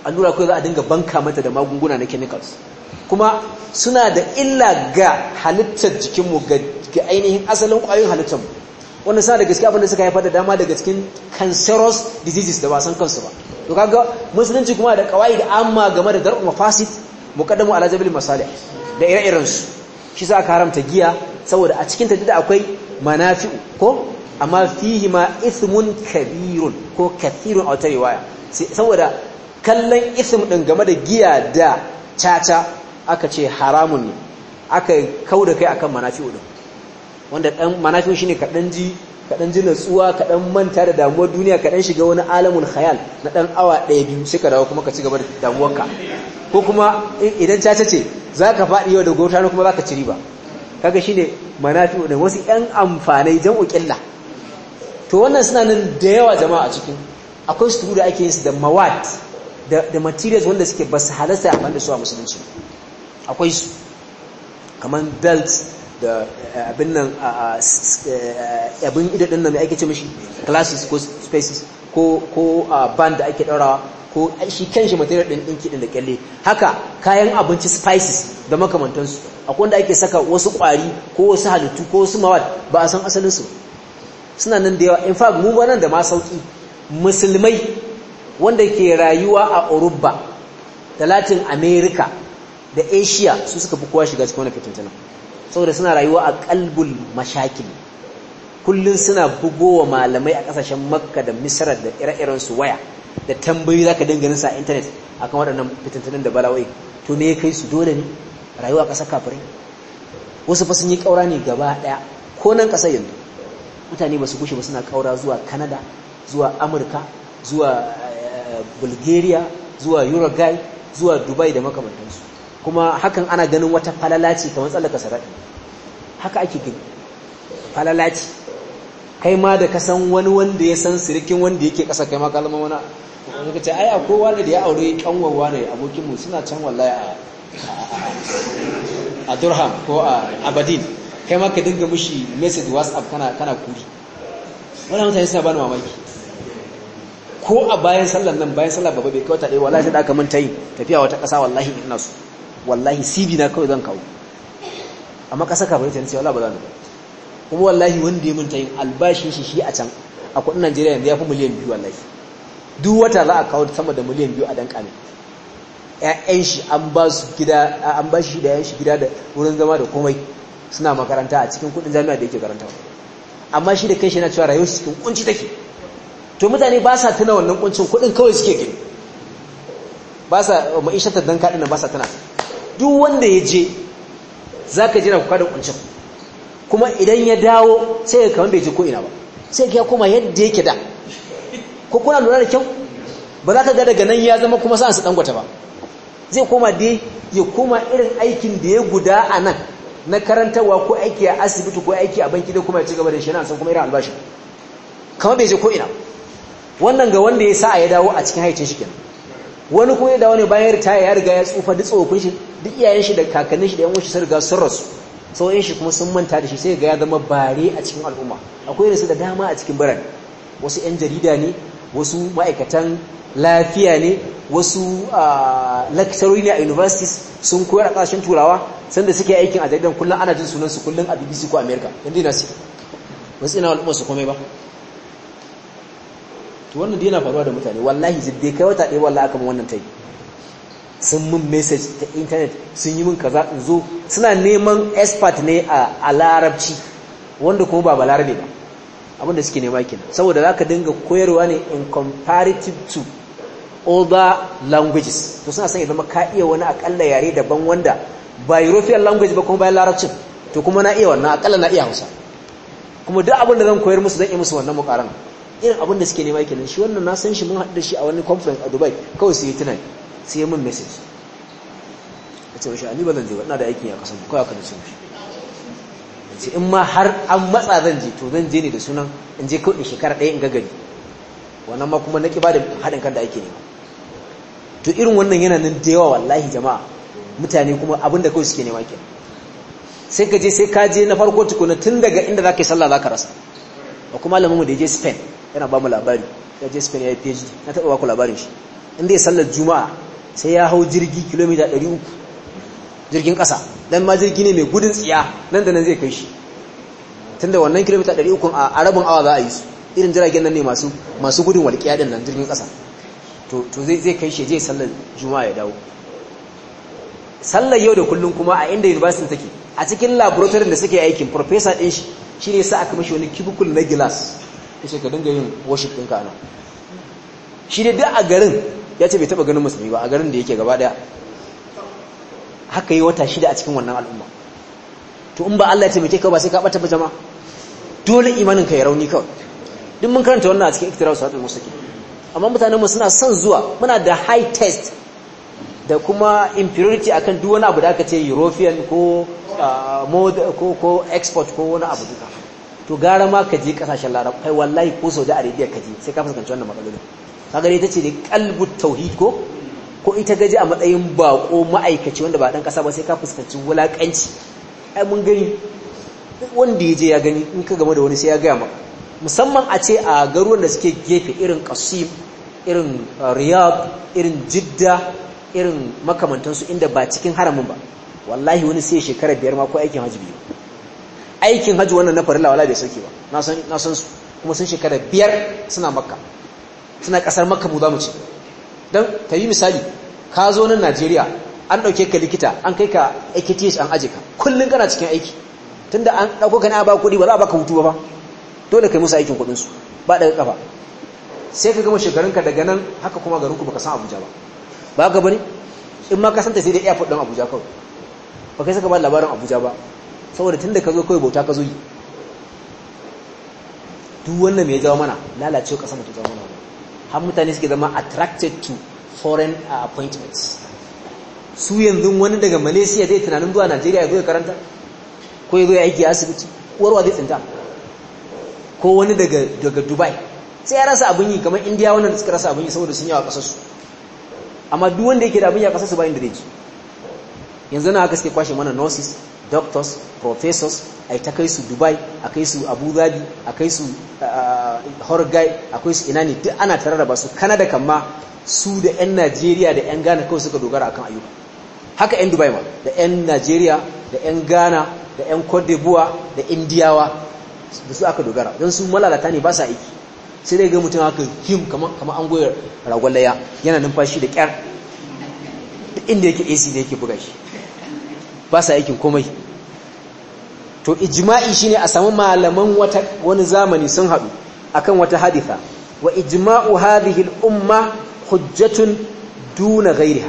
allura kawai za a dinga banka mata da magunguna na chemicals kuma suna da illa ga halittar jikinmu ga ainihin asalin ƙwayoyin halittarmu wannan suna da gaske abinda suka haifar da dama daga cikin cancerous diseases da ba kansu ba to kaga musulunci kuma da kawai da amma game da fasit mu muqaddamu ala jabil masalih da ire-iren su shi za ka haramta giya saboda a cikin ta da akwai manafi'u ko amma fihi ma ithmun kabirun ko kathirun aw waya saboda kallon ithm din game da giya da caca aka ce haramun ne aka kau da kai akan manafi'u din wanda dan manafi'u shine ka dan ji ka dan ji natsuwa ka dan manta da damuwar duniya ka dan shiga wani alamul khayal na dan awa daya biyu sai ka dawo kuma ka ci gaba da damuwarka ko kuma idan caca ce zaka faɗi yau da ne kuma zaka ci riba kaga shine manafi'u din wasu yan amfanai jam'u qilla to wannan suna nan da yawa jama'a a cikin akwai su da ake yin su da mawat da materials wanda suke basu halasta a da su a musulunci akwai su kamar belt da eh, abin nan eh, abin idadin nan mai ake ce mashi classes ko spaces ko band da ake ɗaurawa ko shi kanshi material ɗin ɗinki ɗin da kyalle haka kayan abinci spices da makamantansu akwai wanda ake saka wasu ƙwari ko wasu halittu ko wasu mawad ba a san asalinsu suna nan da yawa in fact mu nan da ma sauƙi musulmai wanda ke rayuwa a Urubba da Latin America da asia su suka fi kowa shiga cikin wani fitintuna saboda suna rayuwa a kalbul mashakil kullum suna bugowa malamai a kasashen makka da misra da ire-iren su waya da tambayi za ka dangane sa a intanet akan waɗannan fitintunan da balawai to ne ya kai su dole ne rayuwa a ƙasar kafirai wasu fa sun yi ƙaura ne gaba ɗaya ko nan ƙasar yanzu mutane ba su gushe ba suna ƙaura zuwa kanada zuwa amurka zuwa eh, bulgaria zuwa uruguay zuwa dubai da makamantansu kuma hakan ana ganin wata falalaci ce kamar tsallaka sarari haka ake gani falalaci. kai ma da kasan wani wanda ya san sirikin wanda yake kasa kai ma kalma wani kacce ce ai akwai wani da ya aure kanwarwa ne abokinmu suna can wallahi a a durham ko a abadin kai ma ka dinga mushi message whatsapp kana kana kuri wannan mutane suna bani mamaki ko a bayan sallan nan bayan sallar babba bai kawata ɗaya wallahi sai da aka mun tayi tafiya wata ƙasa wallahi ina so wallahi cv na kawai zan kawo amma ƙasa kafin ta cewa wala ba za ni ba kuma wallahi wanda ya minta yin albashin shi shi a can a kudin najeriya yanzu ya fi miliyan biyu wallahi duk wata za a kawo sama da miliyan biyu a dan kame ƴaƴan shi an ba su gida an ba shi da ƴaƴan shi gida da wurin zama da komai suna makaranta a cikin kudin jami'a da yake karanta amma shi da kanshi yana cewa rayuwar cikin kunci take to mutane ba sa tuna wannan kuncin kudin kawai suke gani ba sa ma'ishatar dan kaɗin nan ba sa tuna duk wanda ya je za ka jira kuka da kuncin kuma idan ya dawo sai ya kama bai je ko'ina ba sai ya koma yadda yake da ko kuna lura da kyau ba za ka ga daga nan ya zama kuma sa'ansa dangwata ba zai koma dai ya koma irin aikin da ya guda a nan na karantarwa ko aiki a asibiti ko aiki a banki da kuma ya ci gaba da shi na san kuma irin albashi kama bai je ko'ina wannan ga wanda ya sa ya dawo a cikin haicin shi kenan wani kuma da wani bayan ritaya ya riga ya tsufa duk tsofin shi duk iyayen shi da kakannin shi da yan uwan shi sun riga sun rasu sauyin shi kuma sun manta da shi sai ga ya zama bare a cikin al'umma akwai yanzu da dama a cikin birane wasu 'yan jarida ne wasu ma'aikatan lafiya ne wasu lakcarori ne a universities sun koyar a ƙasashen turawa sanda suke aikin a jaridan kullum ana jin sunan su kullum a bbc ko america yanzu na su wasu ina al'umma su kome ba to wannan da yana faruwa da mutane wallahi jiddai kai wata ɗaya wallahi aka wannan tai sun min message ta internet sun yi min kaza in zo suna neman expert ne a larabci wanda kuma ba balarabe ba abinda suke nema kenan saboda za ka dinga koyarwa ne in comparative to other languages to suna sanya ya zama ka iya wani akalla yare daban wanda ba european language ba kuma bayan larabcin to kuma na iya wannan akalla na iya hausa kuma duk abin da zan koyar musu zan yi musu wannan mukaran irin abin da suke nema kenan shi wannan na san shi mun haɗu da shi a wani conference a Dubai kawai yi tunai sai yi mun message a ce mashi ni ba zan je ba ina da aikin ya kasan kawai aka su mashi ce in ma har an matsa zan je to zan je ne da sunan in je kawai shekara ɗaya in ga gari wannan ma kuma na ƙi ba da haɗin kan da ake nema to irin wannan yana nan da yawa wallahi jama'a mutane kuma abin da kawai suke nema kenan sai ka je sai ka je na farko tukuna tun daga inda za ka yi sallah za ka rasa akwai kuma mu da ya je spain yana ba mu labari ya je spain ya yi phd na taɓa ba ku labarin shi in ya sallar juma'a sai ya hau jirgi kilomita 300 jirgin ƙasa dan ma jirgi ne mai gudun tsiya nan da nan zai kai shi tunda wannan kilomita 300 a arabin awa za a yi su irin jiragen nan ne masu masu gudun walƙiya din nan jirgin ƙasa to zai zai kai shi je sallar juma'a ya dawo sallar yau da kullun kuma a inda university take a cikin laboratory da suke aikin professor din shi shine sa aka mishi wani cubicle na glass yace ka dinga yin worship ɗinka nan shi dai da a garin ya ce bai taba ganin musulmi ba a garin da yake gaba daya haka yi wata shida a cikin wannan al'umma to in ba Allah ya taimake ka ba sai ka bata ba jama'a dole imanin ka ya rauni kawai duk mun karanta wannan a cikin iktirar su mustaqim amma mutanen mu suna son zuwa muna da high test da kuma inferiority akan duk wani abu da aka ce european ko uh, ko ko export ko wani abu duka to gara ma ka je kasashen larabu kai wallahi ko da arabiya ka je sai ka fuskanci wannan matsalolin kaga ita ce ne kalbu tauhid ko ko ita gaji a matsayin bako ma'aikaci wanda ba dan kasa ba sai ka fuskanci wulakanci ai mun gani wanda ya je ya gani in ka game da wani sai ya gaya maka musamman a ce a garuwan da suke gefe irin kasim irin uh, riyadh irin jidda irin makamantansu inda ba cikin haramin ba wallahi wani sai shekara biyar ma ko aikin hajji biyu aikin hajji wannan na farilla wala bai sauke ba na san su kuma sun shekara biyar suna makka suna kasar makka mu za mu ce don ka yi misali ka zo nan najeriya an ɗauke ka likita an kai ka akth an aje ka kullum kana cikin aiki tunda an dauko ka na ba kuɗi ba za a baka hutu ba dole ka yi musu aikin su ba daga kafa sai ka gama shekarunka daga nan haka kuma ku baka san abuja ba ba ka bari in ma ka santa sai da airport ɗin abuja kawai ba kai saka ba labarin abuja ba saboda tun da ka zo kawai bauta ka zo yi duk wannan mai zama mana lalacewa ƙasa mutu zama mana har mutane suke zama attracted to foreign uh, appointments su yanzu wani daga malaysia zai tunanin zuwa najeriya ya zo ya karanta ko ya zo ya aiki a asibiti warwa zai tsinta ko wani daga dubai sai ya rasa abin yi kamar indiya wannan da suka rasa abin yi saboda sun yawa kasarsu amma duk wanda yake da abin yi a kasarsu bayan da zai ji yanzu na haka suke kwashe mana nurses doctors professors ai ta kai su dubai a kai su abu zabi a kai su horgai a kai su ina ne duk ana da basu kanada kamma su da 'yan najeriya da 'yan ghana kawai suka dogara akan ayyuka haka 'yan dubai ma da 'yan najeriya da 'yan ghana da 'yan kodebuwa da indiyawa da su aka dogara don su malalata ne ba sa aiki sai dai ga mutum haka him kama an goyar ragwalaya yana numfashi da kyar inda yake ac da yake buga shi ba sa aikin komai to ijma'i shine a samu malaman wata wani zamani sun haɗu akan wata haditha wa ijma'u hadhihi al-umma hujjatun duna ghayriha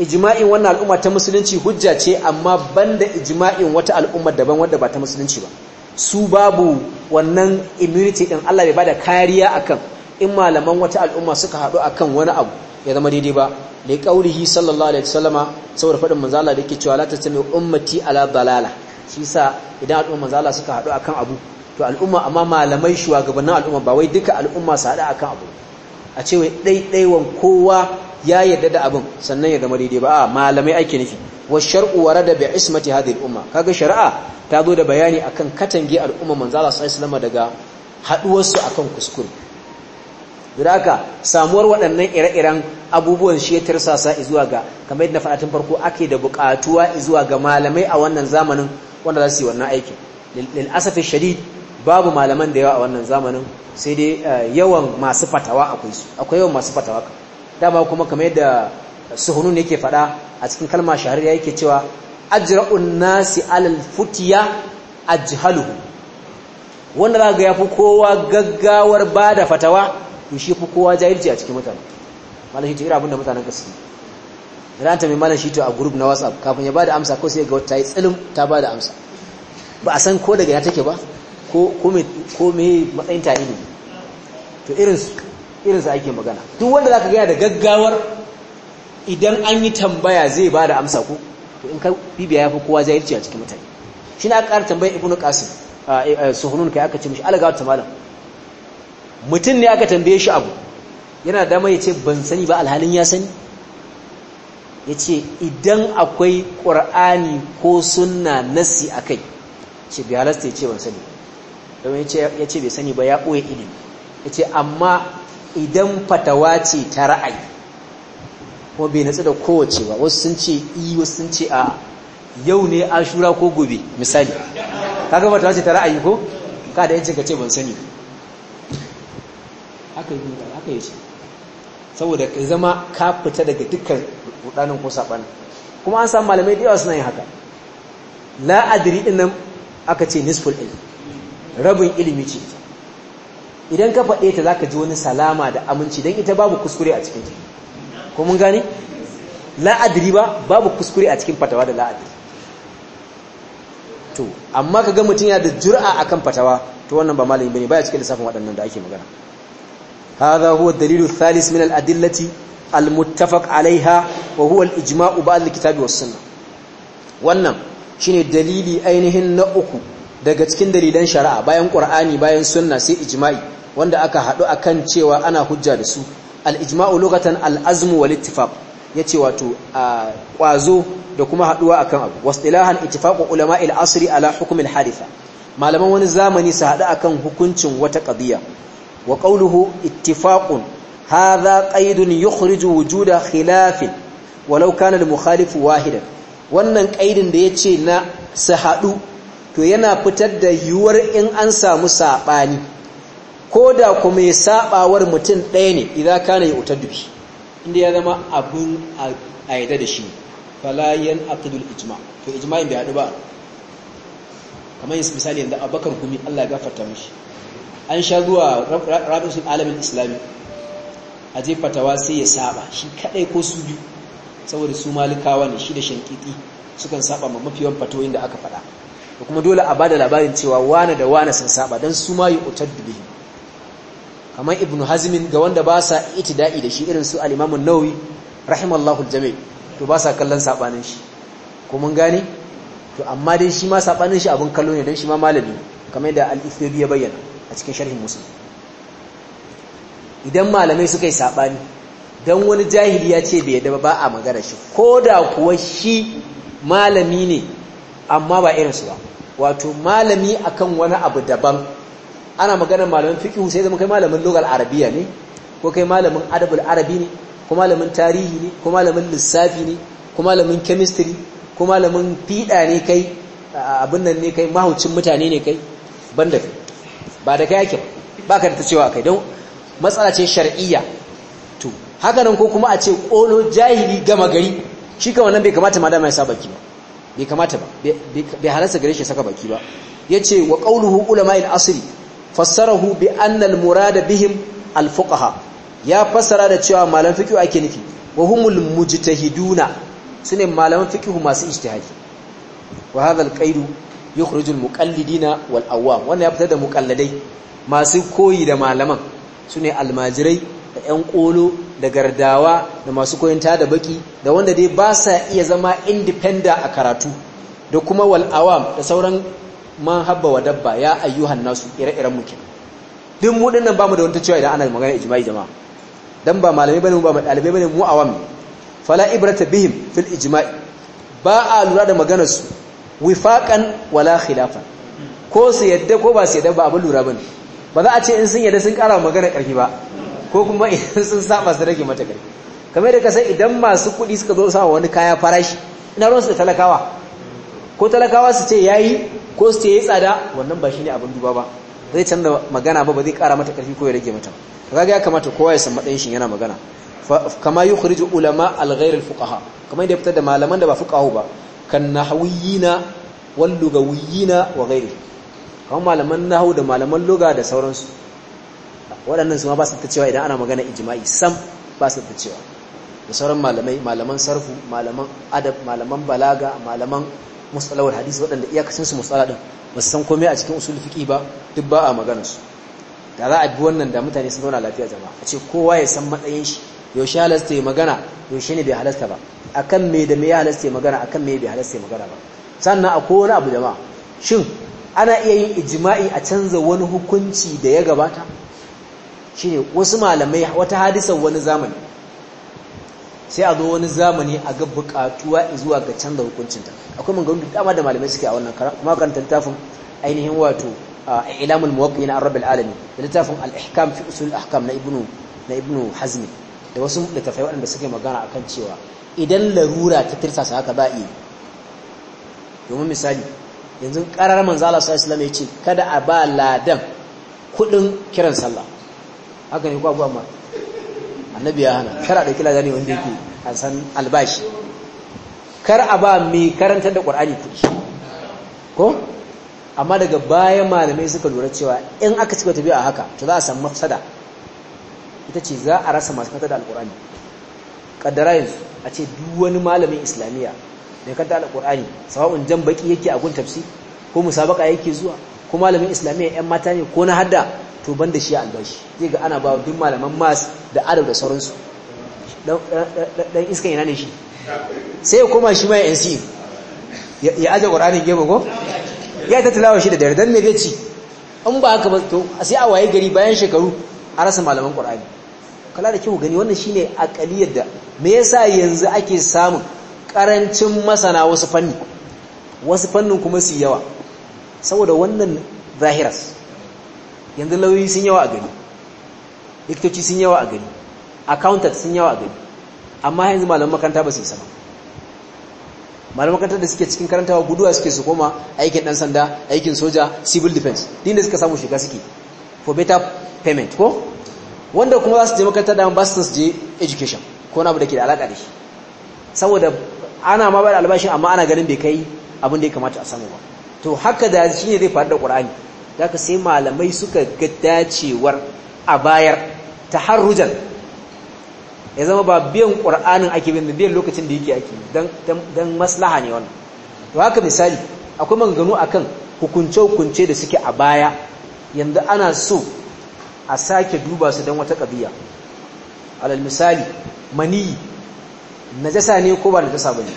ijma'in wannan al'umma ta musulunci hujja ce amma banda ijma'in wata al'umma daban wanda ba ta musulunci ba su babu wannan immunity din Allah bai bada kariya akan in malaman wata al'umma suka haɗu akan wani abu ya zama daidai ba da kaurihi sallallahu alaihi wasallama saboda fadin manzo Allah da yake cewa la tasmi ummati ala balala shi sa idan al'umma manzo Allah suka hadu akan abu to al'umma amma malamai shugabannin al'umma ba wai duka al'umma su hada akan abu a ce wai daidaiwan kowa ya yarda da abin sannan ya zama daidai ba a malamai ake nufi wa shar'u warada bi ismati hadhihi umma kaga shari'a ta zo da bayani akan katange al'umma manzo Allah sallallahu alaihi daga haɗuwarsu akan kuskure da samuwar waɗannan ire-iren abubuwan shi ya tirsasa zuwa ga kamar yadda faɗa farko ake da buƙatuwa zuwa ga malamai a wannan zamanin wanda za su yi wannan aikin lil shadid babu malaman da yawa a wannan zamanin sai dai eh, yawan masu fatawa akwai su akwai yawan masu fatawa dama kuma kamar yadda suhunun ke faɗa a cikin kalma shahariya yake cewa ajra'un nasi alal futiya ajhaluhu wanda za ga yafi kowa gaggawar bada fatawa to shi fi kowa jahilci a cikin mutane malam shi to irin abinda mutanen ka suke ran ta mai malam shi to a group na whatsapp kafin ya bada amsa ko sai ga wata yi tsilin ta bada amsa ba a san ko daga ya take ba ko mai me matsayin ta ilimi to irin ake magana duk wanda zaka gaya da gaggawar idan an yi tambaya zai bada amsa ko to in ka bibiya fi kowa jahilci a cikin mutane shi na ƙara tambayar ibnu qasim suhunun kai aka ce mishi alagawar ta malam mutum ne aka tambaye shi abu yana dama ya ce ban sani ba alhalin ya sani ya ce idan akwai ƙur'ani ko suna nasi a kai ce bai halasta ya ce ban sani don ya ce bai sani ba ya ɓoye ilimi ya ce amma idan fatawa ce ta ra'ayi kuma bai natsu da kowace ba wasu sun ce i wasu sun ce a yau ne ashura ko gobe misali kaga fatawa ce ta ra'ayi ko ka da yancin ka ce ban sani ba. haka yi haka yi ce saboda ka zama ka fita daga dukkan rudanin ko saɓanin kuma an samu malamai da yawa suna yin haka la'adiri ɗin nan aka ce nisful ilm rabin ilimi ce idan ka faɗe ta zaka ji wani salama da aminci dan ita babu kuskure a cikin ta ko mun gane adri ba babu kuskure a cikin fatawa da adri to amma ka mutun mutum yana da jura akan fatawa to wannan ba malami bane baya cikin lissafin waɗannan da ake magana هذا هو الدليل الثالث من الأدلة المتفق عليها وهو الإجماع بعد الكتاب والسنة wannan shine dalili ainihin na uku daga cikin dalilan shari'a bayan qur'ani bayan sunna sai ijima'i wanda aka hadu akan cewa ana hujja da su al-ijma'u lughatan al-azm wal ittifaq yace wato kwazo da kuma haduwa akan abu wasilahan ittifaqu ulama'il asri ala hukm al-harifa malaman wani zamani su hadu akan hukuncin wata qadiya wa qawluhu ittifaqun hadha qaidun yukhriju wujuda khilafin walau kana al wannan kaidin da yace na su hadu to yana fitar da yuwar in an samu sabani koda kuma ya sabawar mutum ɗaya ne idan kana ya utaddu bi inda ya zama abun a yadda da shi fala yanqidul ijma to in bai hadu ba kamar misali yanzu Abubakar Gumi Allah ya gafarta mishi an sha zuwa rabisul alamin islami a je fatawa sai ya saba shi kadai ko su biyu saboda su malikawa ne shi da su sukan saba ma mafiyan fatoyin da aka faɗa da kuma dole a bada labarin cewa wane da wane sun saba don su ma da bihi kamar Ibn hazmin ga wanda ba sa da'i da shi irin su alimamin nauyi an rahimallahu jami to ba sa kallon sabanin shi ko mun gane to amma dai shi ma sabanin shi abin kallo ne don shi ma malami kamar da al-ithnabi ya bayyana a cikin sharhin muslim idan malamai suka yi saɓani don wani jahili ya ce bai yadda ba a magana shi ko da kuwa shi malami ne amma ba su ba wato malami akan wani abu daban ana magana malamin fiqhu sai zama kai malamin logal arabiya ne ko kai malamin adabul arabi ne ko malamin tarihi ne ko malamin lissafi ne ko malamin chemistry ko malamin fiɗa ne kai abin nan ne kai mahaucin mutane ne kai banda kai ba da kai ba ka da ta cewa kai don matsala ce shar'iyya to haka nan ko kuma a ce kolo jahili gama gari shi ka wannan bai kamata ma dama ya sa baki ba bai kamata ba bai halarsa gare shi saka baki ba ya ce wa ƙauluhu ulama il asiri fassarahu bi mura da murada bihim alfuqaha ya fassara da cewa malam fiqh ake nufi wa humul mujtahiduna sune malaman fiqh masu ijtihadi wa hadha al yukhrijul muqallidina wal awwam wannan ya fitar da muqalladai masu koyi da malaman sune almajirai da ƴan kolo da gardawa da masu koyon da baki da wanda dai ba sa iya zama independent a karatu da kuma wal awam da sauran man habba wa dabba ya ayyuhan nasu ire-iren muke duk mu dinnan bamu da wata cewa idan ana magana ijma'i jama'a dan ba malamai bane mu ba dalibai bane mu awam fala ibrata bihim fil ijma'i ba a lura da maganar su wifaƙan wala khilafan ko su yadda ko ba su yadda ba abin lura ba ne ba za a ce in sun yadda sun ƙara magana ƙarfi ba ko kuma in (laughs) sun saba su rage mata ƙarfi kamar da kasar idan masu kuɗi suka zo sama wani kaya farashi ina su da talakawa ko talakawa su ce yayi ko su ce yayi tsada wannan ba shine abin duba ba zai canza magana ba ba zai ƙara mata ƙarfi ko ya rage mata kaga ya kamata kowa ya san matsayin shi yana magana kama yukhriju ulama al-ghayr fuqaha kamar da fitar da malaman da ba fuqahu ba kan nahawiyina wal lugawiyina wa ghairi kamar malaman Nahu da malaman luga da sauransu waɗannan su ma ba su ta cewa idan ana magana ijma'i sam ba su ta cewa da sauran malamai malaman sarfu malaman adab malaman balaga malaman musalawar hadisi waɗanda iyakacin su musala din ba su san komai a cikin usul fiqi ba duk ba a magana su da za a bi wannan da mutane sun zauna lafiya jama'a a ce kowa ya san matsayin shi yaushe halasta ya magana yaushe ne bai halasta ba akan me da me ya halasta magana akan me bai halasta magana ba sannan a kowane abu jama'a shin ana iya yin ijima'i a canza wani hukunci da ya gabata shine wasu malamai wata hadisan wani zamani sai a zo wani zamani a ga bukatuwa zuwa ga canza hukuncinta akwai maganganu da dama da malamai suke a wannan kuma kan tattafin ainihin wato ilamul muwaqqi'in na rabbil alami da littafin al-ihkam fi usul al-ahkam na ibnu na ibnu hazmi da wasu littafai waɗanda suke magana akan cewa idan larura ta su haka ba iya domin misali yanzu karar manzala sallallahu alaihi ya ce kada a ba ladan kudin kiran sallah haka ne kwa ma annabi ya hana kar a dauki ladani wanda yake a san albashi kar a ba mai karantar da ƙur'ani kudi ko amma daga bayan malamai suka lura cewa in aka cika a haka to za a samu mafsada ita ce za a rasa masu karantar da alƙur'ani. kaddara a ce duk wani malamin islamiyya da kanta alqur'ani sawa'un jan baki yake a gun tafsi ko musabaka yake zuwa ko malamin islamiyya yan mata ne ko na hadda to ban da shi albashi zai ga ana ba wa duk malaman mas da adab da sauransu dan iska yana ne shi sai ya koma shi mai NC ya aje Qur'anin gefe ko ya ta tilawa shi da dare don me zai ci in ba haka ba to sai a waye gari bayan shekaru a rasa malaman Qur'ani kala da kyau gani wannan shine akaliyar da me yasa yanzu ake samun karancin masana wasu fanni wasu fannin kuma su yawa saboda wannan zahiras yanzu lauyi sun yawa a gari likitoci sun yawa a gari accountant sun yawa a gari amma yanzu malam makaranta ba su yi sama malam makaranta da suke cikin karantawa guduwa suke su koma aikin dan sanda aikin soja civil defense din da suka samu shiga suke for better payment ko wanda kuma za su je makaranta da ambassadors je education ko na abu da ke da alaƙa da shi saboda ana ma bada albashin amma ana ganin bai kai abin da ya kamata a samu ba to haka da shi ne zai faru da ƙur'ani da ka sai malamai suka ga dacewar a bayar ta harrujan. ya zama ba biyan ƙur'anin ake bin da biyan lokacin da yake ake don maslaha ne wannan to haka misali akwai maganganu kan hukunce-hukunce da suke a baya yanzu ana so a sake duba su don wata ƙabiya alal misali mani najasa ne ko ba najasa bane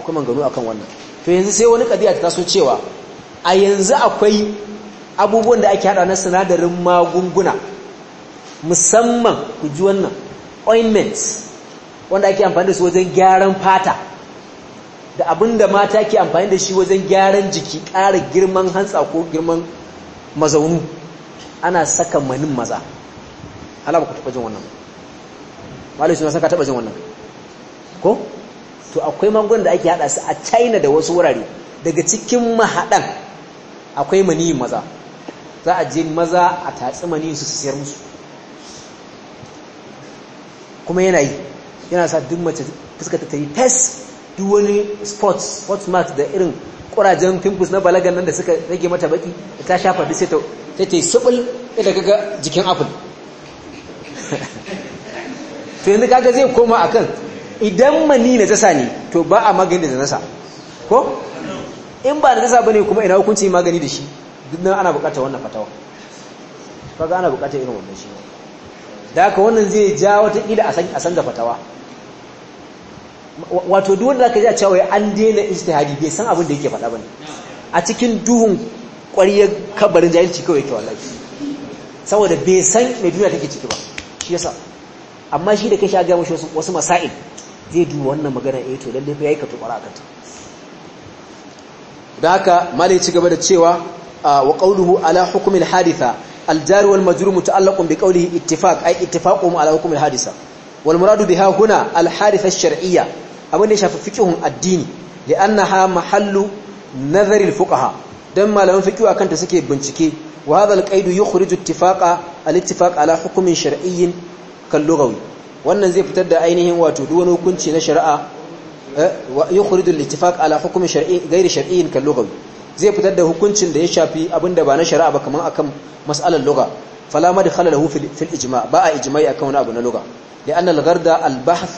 akwai manganu akan wannan to yanzu sai wani kadiya ta taso cewa a yanzu akwai abubuwan da ake hada na sinadarin magunguna musamman ku ji wannan ointments wanda ake amfani da su wajen gyaran fata da abinda mata ke amfani da shi wajen gyaran jiki ƙara girman hantsa ko girman mazaunu ana saka manin maza ala ba ku taɓa jin wannan malai suna saka taba jin wannan ko to akwai mangon da ake hada su a China da wasu wurare daga cikin mahadan akwai mani maza za a je maza a tatsi mani su sayar musu kuma yana yi yana sa duk mace fuska ta tayi fes duk wani sports sports mat da irin kurajen pimples na balagan nan da suka rage mata baki ta shafa duk sai ta yi subul da jikin apple (laughs) to yanzu kaga zai koma akan idan mani na tasa ne to ba a magani da nasa ko in ba da tasa bane kuma ina hukunci magani da shi nan ana bukatar wannan fatawa kaga ana bukatar irin wannan shi da haka wannan zai ja wata kida a san da fatawa wato duk wanda zaka ji a cewa an daina ijtihadi bai san abin da yake faɗa bane a cikin duhun ƙwariyar kabarin jahilci kawai yake wallahi saboda bai san mai duniya take ciki ba shi yasa amma shi da kai sha ga mashi wasu masail zai duba wannan magana eh to lalle fa yi ka tukura akanta da haka malai ci gaba da cewa wa qawluhu ala hukumin al haditha al ta wal majrur muta'allaqun bi qawlihi ittifaq ay ittifaqum ala hukumin al haditha wal muradu biha huna al haditha abin da ya shafi fiqhun addini an mahallu nazari al fuqaha dan malaman fiqhu akan ta suke bincike wa hadha alƙaidu qaid yukhriju ittifaqa al ittifaq ala hukumin shar'iyyin kan lugawi wannan zai fitar da ainihin wato duwani hukunci na shari'a eh, yukhrij al-ittifaq ala hukm shar'i ghayr shar'iyyin kan lugawi zai fitar da hukuncin da ya shafi abinda ba na shari'a ba kaman akan mas'alar lugha fala madkhala lahu fil ijma' ba a ijma'i akan wani abu na lugha لأن الغرد البحث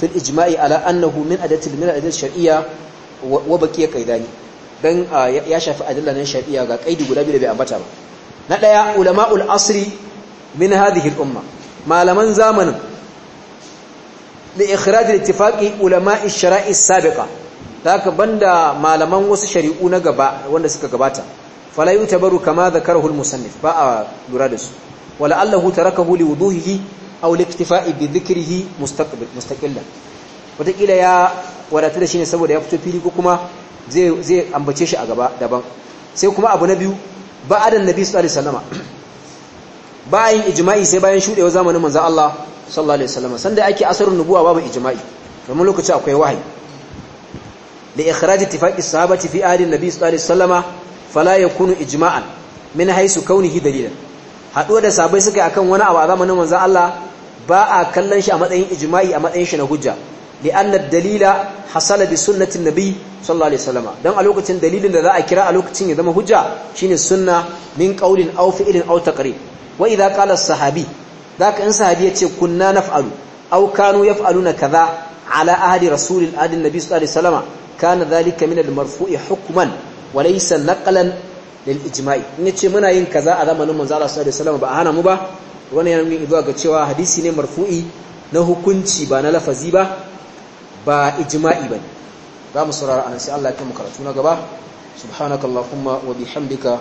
في الإجماع على أنه من أداة من الأداة الشرعية وبقي قيدان dan ah, ya shafi adillanin shari'a ga kaidi guda biyu da bai ambata ba na daya ulama'ul asri min hadhihi al-umma malaman zamanin da ikhraj al-ittifaqi ulama'i shara'i sabiqa ban banda malaman wasu shari'u na gaba wanda suka gabata fala yutabaru kama dhakarahu al-musannif ba a lura da su wala allahu tarakahu li wuduhihi aw li iktifa'i bi dhikrihi mustaqbil mustaqillan ya wadatu da shi ne saboda ya fito fili ko kuma zai ambace shi a gaba daban sai kuma abu na biyu ba'adan nabi sallallahu alaihi wasallama ba yin ijma'i sai bayan shudewa zamanin manzon Allah sallallahu alaihi wasallam sanda ake asarin nubuwa babu ijma'i domin lokaci akwai wahayi da ikhraj ittifaqi sahabati fi ahli nabi sallallahu alaihi wasallam fala yakunu ijma'an min haisu kaunihi dalilan haduwa da sabai suka akan wani abu a zamanin manzon Allah ba a kallon shi a matsayin ijma'i a matsayin shi na hujja لأن dalila حصل بسنة النبي صلى الله عليه وسلم دان a lokacin dalilin da za a kira a lokacin ya zama hujja shine sunna min qaulin aw fi'lin aw taqrib wa idza qala sahabi zaka in sahabi yace kunna naf'alu aw kanu yaf'aluna kaza ala ahdi rasulil adin nabi sallallahu alaihi wasallam kana dhalika min al-marfu'i hukman wa laysa naqlan lil ijma'i in yace muna yin kaza a zamanin manzo Allah sallallahu alaihi wasallam ba hana mu ba wannan yana nuni zuwa ga cewa hadisi ne marfu'i na hukunci ba na lafazi ba ba ijma'i bane za mu saurara anan sai Allah ya kai mu karatu na gaba subhanakallahumma wa bihamdika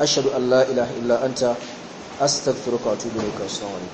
ashhadu an la ilaha illa anta astaghfiruka wa atubu ilayka assalamu